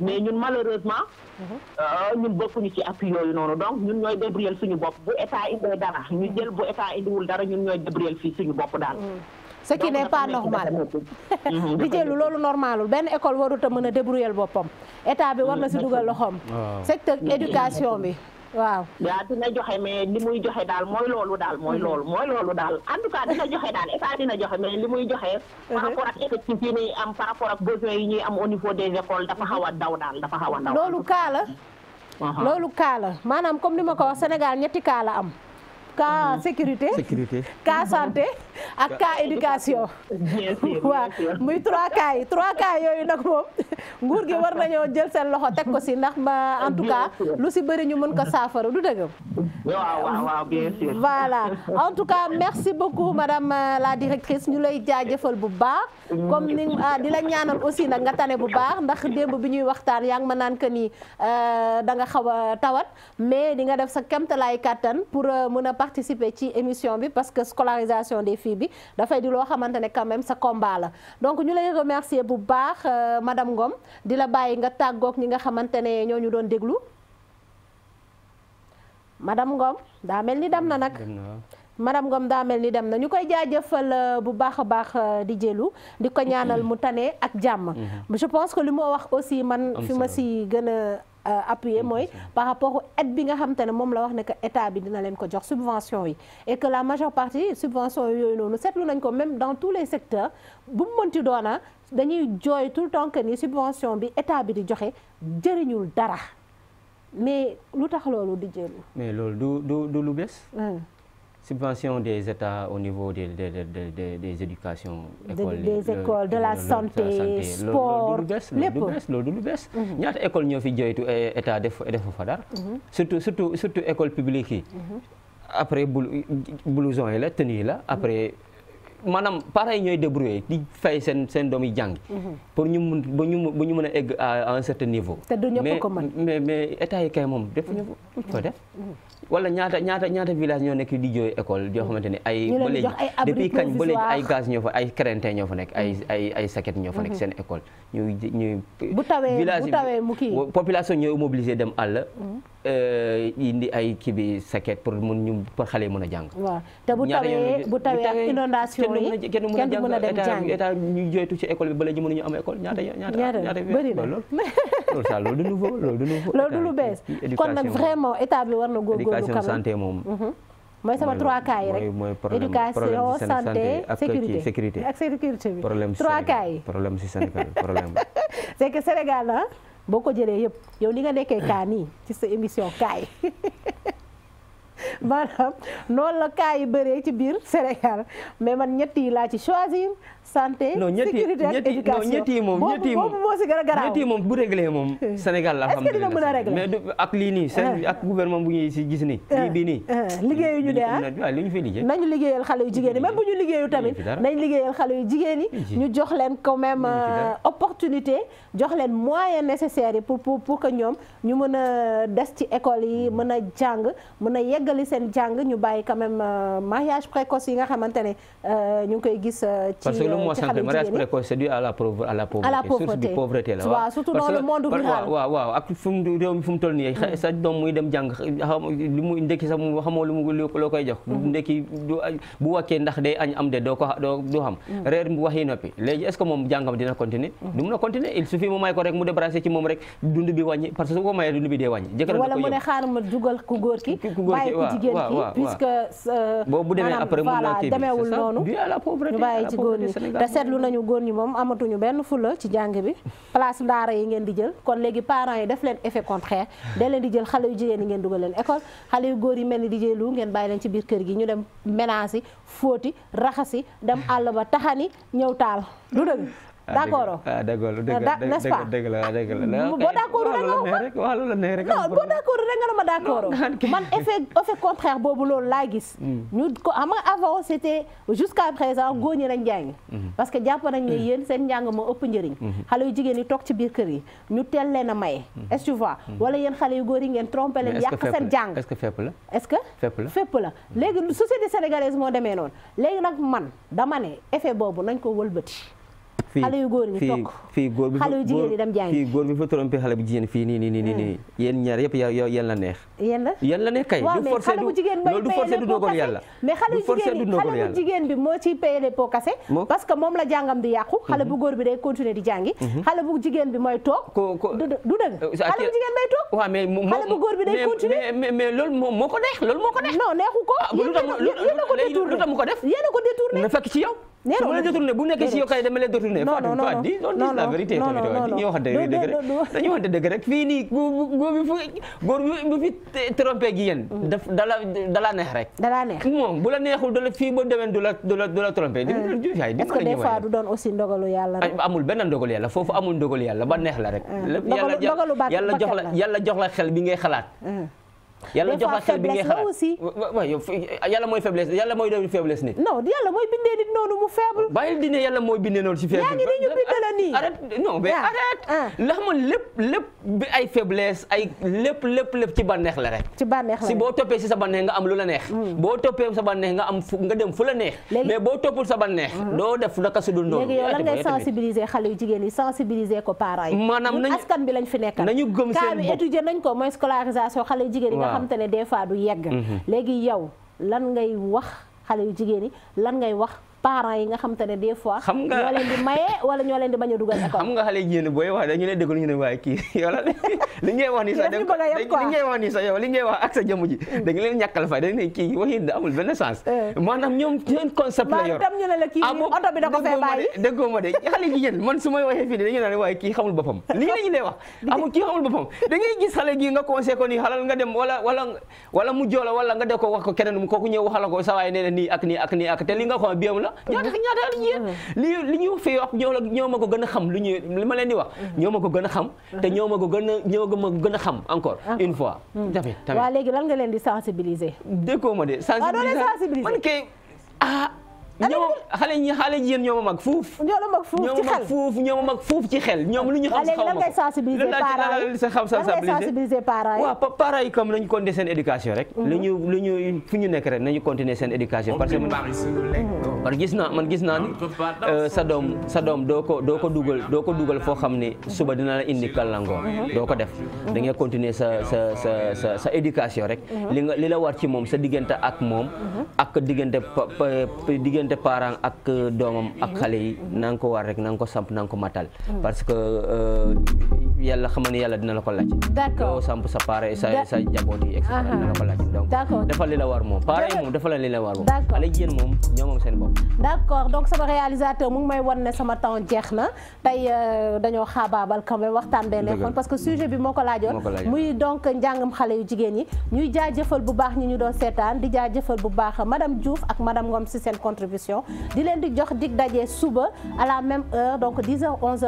Speaker 4: mais ñun malheureusement. Euh, ñun bokkuñu ci appui yooyu noonu donc ñun ñooy débrouiller suñu bopp bu état indee ñu jël bu indiwul dara ñun ñooy débrouiller fii suñu bopp daal. ce qui n'est pas normal di jëlu
Speaker 1: loolu normalul benn école warut a mën a débrouiller boppam état bi war na si dugal loxoom secteur éducation bi
Speaker 4: waaw waaw dina joxe mais li muy joxe daal mooy loolu daal mooy loolu mm-hmm. mooy loolu daal en tout cas dina joxe daal état dina joxe mais li muy joxe mm-hmm. par rapport ak effectif yi am par rapport ak besoin yi ñuy am au niveau des écoles dafa xaw a daw daal dafa xaw a daw loolu
Speaker 1: kaa la
Speaker 3: uh-huh. loolu
Speaker 1: kaa la maanaam comme ni ma ko wax Sénégal ñetti kaa la am cas sécurité cas santé ak cas éducation waaw muy trois cas yi trois cas yooyu nag moom nguur gi war nañoo jël seen loxo teg ko si ndax ba en tout cas lu si bëri ñu mën ko saafara du dëggam voilà en tout cas merci beaucoup madame euh, la directrice ñu lay jaajëfal bu baax mm-hmm. comme ni ah, di la ñaanal aussi nag nga tane bu baax ndax démb bi ñuy waxtaan yaa ngi ma naan que nii euh, danga nga xaw a tawat mais di nga def sa kemtalaay kàttan pour euh, mën a participer ci émission bi parce que scolarisation des filles bi dafay di loo xamante ne quand même sa combat la donc ñu lay remercier bu baax euh, madam Ngom di la bàyyi nga tàggook ñi nga xamante ne ñoo ñu doon déglu madame Ngom daa mel ni dem na nag. madame Ngom daa mel ni dem na ñu koy jaajëfal euh, bu baax a baax euh, di jëlu di ko ñaanal mu tane ak jàmm. Mhm. je pense que li moo wax aussi man. fi ma si gën Euh, appuyer mooy par rapport au aide bi nga xam te ne moom la wax ne que état bi dina leen ko jox subvention yi et la majeure partie subvention yooyu noonu seetlu nañ ko même dans tous les secteurs bu mu mënti doona dañuy jooy tout le temps que ni subvention bi état bi di joxe jëriñul dara mais lu tax loolu di jël
Speaker 2: mais loolu du du du lu bees subvention des États au niveau des des des des éducations. écoles des écoles de la santé sport lépp loolu du lu bees loolu du lu bees. ñaata école ñoo fi joytu eh, état def fa dara. Mhm. surtout école publique yi. Mhm. après bul yi la tenue yi la après. maanaam parents yi ñooy débrouiller di fay seen doom yi jàng. Mhm. pour ñu mun ba ñu ba ñu mën a egg à un certain niveau. mais état yi kay moom defuñu ko def. wala ñaata ñaata ñaata village ñoo nekk di jooy école yoo mm. xamante ne ay ba léegi depuis kañ ba léegi ay gaz ñoo fa ay crainte ñoo fa nekk ay mm. ay ay ñoo fa nekk mm-hmm. seen école ñuy ñuy bu tawee bu tawee mu kii population ñooy mobilisé dem àll mm. Euh, indi ay kii bi saket pour mun ñu pour xale yi mën a jàng.
Speaker 1: waaw bu tawee ak inondation yi kenn mën a jàng état
Speaker 2: état ñu loolu ça loolu nouveau loolu lu bees kon nag vraiment
Speaker 1: état war na góorgóorlu. éducation santé moom. Mhm. mooy sama trois cas rek
Speaker 2: éducation santé sécurité ak
Speaker 1: sécurité bi trois cas yi
Speaker 2: problème si Sénégal
Speaker 1: Sénégal ah boo ko jëlee yëpp yow li nga nekkee kaa nii ci sa émission kaay maanaam noon la kaa yi bëree ci biir Sénégal mais man ñett yi laa ci choisir santé
Speaker 2: sécurité ak éducation non ñetti moom ñetti moom boobu moo si gën a garaaw ñetti moom bu réglé moom. Eh. Sénégal la xam est-ce ak lii nii. seen eh. ak gouvernement bu ñuy gis nii. Eh. lii bii nii. liggéeyu ñu de ah nañu
Speaker 1: liggéeyal xale yu jigéen ñi même bu ñu liggéeyu tamit nañ liggéeyal xale yu jigéen ñu jox leen quand même euh, opportunité jox leen moyens nécessaires yi pour pour pour ñoom ñu mën a des ci école yi mm. mën a jàng mën a yeggali seen jàng ñu bàyyi quand même euh, mariage précoce yi nga xamante ne euh, ñu ngi koy gis ci même moi sànq mariage mu
Speaker 2: réew noppi léegi est que moom jàngam dina continuer hmm. du mun a continuer il suffit mu may ko rek mu débarrasser ci moom rek dund bi parce que su ko mayee dund bi dee wàññi mu ne
Speaker 1: xaar ma dugal ku góor ki ku góor ki waaw jigéen euh, la kii la te seetlu nañu góor ñi moom amatuñu benn fula ci jàng bi place daara yi ngeen di jël kon léegi parents yi def leen effet contraire da leen di jël xale yu jigéen yi ngeen dugal leen école xale yu góor yi mel ni di jëlu ngeen bàyyi leen ci biir kër gi ñu dem ménage yi fóoti raxasi dem àll ba taxani ñëw taal du dëgg
Speaker 2: Ah, d' accord d' accord ah, n' est ce pas la dëgg la boo d' accord rek la non boo
Speaker 1: ma d' accord man effet effet contraire boobu loolu laa gis. Hmm. ñu ko xam ah, nga avant c' était présent hmm. góor ñi lañ njàng hmm. parce que jàpp nañ ne yéen seen njàng moo ëpp njëriñ. xale yu jigéen yi toog ci biir kër yi ñu teel leen a maye. est ce que tu vois wala yéen xale yu góor yi ngeen trompé leen yàq seen jàng. est ce que fépp
Speaker 3: la
Speaker 2: est
Speaker 1: ce que fépp la fépp la léegi société sénégalaise moo demee noonu léegi nag man dama ne effet boobu nañ ko wëlbati
Speaker 2: xale góor ñi fii góor bi xale yu jigéen ñi dem jàng fii góor bi fa trompé xale bu jigéen fii nii nii nii nii nii hmm. yéen ñaar yëpp yéen la neex
Speaker 1: yéen la yéen
Speaker 2: la du forcé du du dogal mm-hmm. mm-hmm. xale bu
Speaker 1: jigéen moom mooy toog xale bu góor
Speaker 2: bi day continuer mais loolu moo ko neex loolu moo ko neex non neexu ko ah, yéen a ko détourné yéen a ko détourné na fekk ci yow nee na détourné bu nekkee si yow kay dama lay détourné Fatou Fatou di loolu dis la vérité tamit ñu waxante dëgg rek dañu waxante bu fi mm. dala dala neex rek dala neex moom bu la neexul dala fii ba demeen du la du la du la trompé di mm. ay di est-ce que des fois
Speaker 1: du doon aussi ndogalu yàlla
Speaker 2: amul benn ndogalu yàlla foofu amul ndogalu yàlla ba neex la rek mm. yàlla jox la yàlla jox la xel bi ngay xalaat yàlla jox la xel bi ngay xalaat aussi yàlla mooy faiblesse yàlla mooy doon faiblesse nit non yàlla mooy bindee nit noonu mu faible bàyyi dine yàlla mooy bindee noonu si faible yaa ngi ah. lépp lépp bi ay faiblesse ay lépp lépp lépp ci bànneex la rek ci bànneex la si boo toppee si sa bànneex nga am lu la neex mm. boo toppee sa bànneex nga am nga dem fu la neex mais boo toppul sa bànneex mm-hmm. doo def naka su dul noonu léegi
Speaker 1: jigéen yi sensibiliser ko parents yi maanaam askan bi lañ fi nekkal nañu gëm seen bopp étudier nañ ko mooy scolarisation xale yu jigéen yi xam te ne des fois du yegg mm-hmm. léegi yow lan ngay wax xale yu jigéen yi lan ngay wax parents yi nga xam te ne des fois. xam nga ñoo leen di
Speaker 2: maye wala ñoo leen di a la li ngay wax nii sax li mm. kii waxi da eh. la yor maanaam ñu ne la kii ñu lay amul kii ko nii xalal ko wax ñëw waxal sa waay nee nii ak nii ak nii ak te li nga la ñoo tax
Speaker 3: ñaata at mm-hmm.
Speaker 2: li ñuy ñu fi wax ñoo la ma ko gën a xam lu ñu li ma leen di wax mm-hmm. ñoo ma ko gën a xam mm-hmm. te ñoo ma ko gën a ñoo ma ko xam encore une fois tamit tamit waaw
Speaker 1: léegi lan nga leen di sensibiliser
Speaker 2: déggoo ma de sensibiliser man kay ah ñoom xale ñi xale yéen ñoo ma mag fuuf. ñoo ma mag fuuf ci xel ñoo ma mag fuuf ci xel ñoom lu ñu xam. xaw ma ko léegi lan ngay sensibiliser parents yi lan ngay sensibiliser parents yi. waaw parents yi comme nañu continuer seen éducation rek. lu ñu lu ñu fu ñu nekk rek nañu continuer seen éducation parce que. man gis naa man gis naa ni euh, sa doom sa doom doo ko doo ko dugal doo ko dugal foo xam ne suba dina la indi kàllankoor uh-huh. doo ko def uh-huh. da ngay continuer sa sa sa sa sa éducation rek uh-huh. li nga li la war ci moom sa diggante ak moom ak diggante diggante parent ak doomam ak xale yi nang ko war rek na nga ko samp nang ko matal parce que euh, yàlla xamal ni yàlla dina la ko laaj d'accord samp sa pare sa jaboot yi et dina la ko laaj donc dafa la war moom pare moom dafa li la war moom xale jigéen moom ñoo moom
Speaker 1: jeex euh, bi moo ko laajoon muy donc njàngam xale yu jigéen yi ñuy jaajëfal bu baax ñi ñu doon seetaan di jaajëfal bu baax madame Diouf ak madame Ngom si seen contribution di leen di jox dig dajee suba à même heure donc 10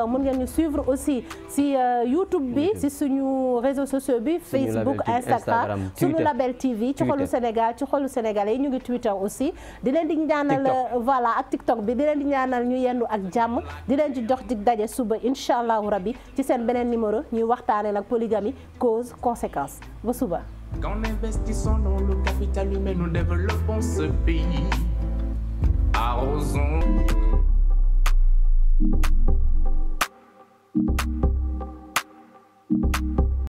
Speaker 1: mun ngeen ñu suivre aussi si euh, YouTube bi si suñu réseaux sociaux bi Facebook Instagram suñu Label TV ci xolu Sénégal ci xolu sénégal yi ñu ngi Twitter aussi di leen di ñaanal euh, voilà ak TikTok bi di leen di ñaanal ñu yendu ak jàmm di leen di jox di daje suba incha allahu rabbi ci seen beneen numéro ñuy waxtaane nag polygamie cause conséquence ba suba
Speaker 4: Qu'en investissant dans le capital humain, nous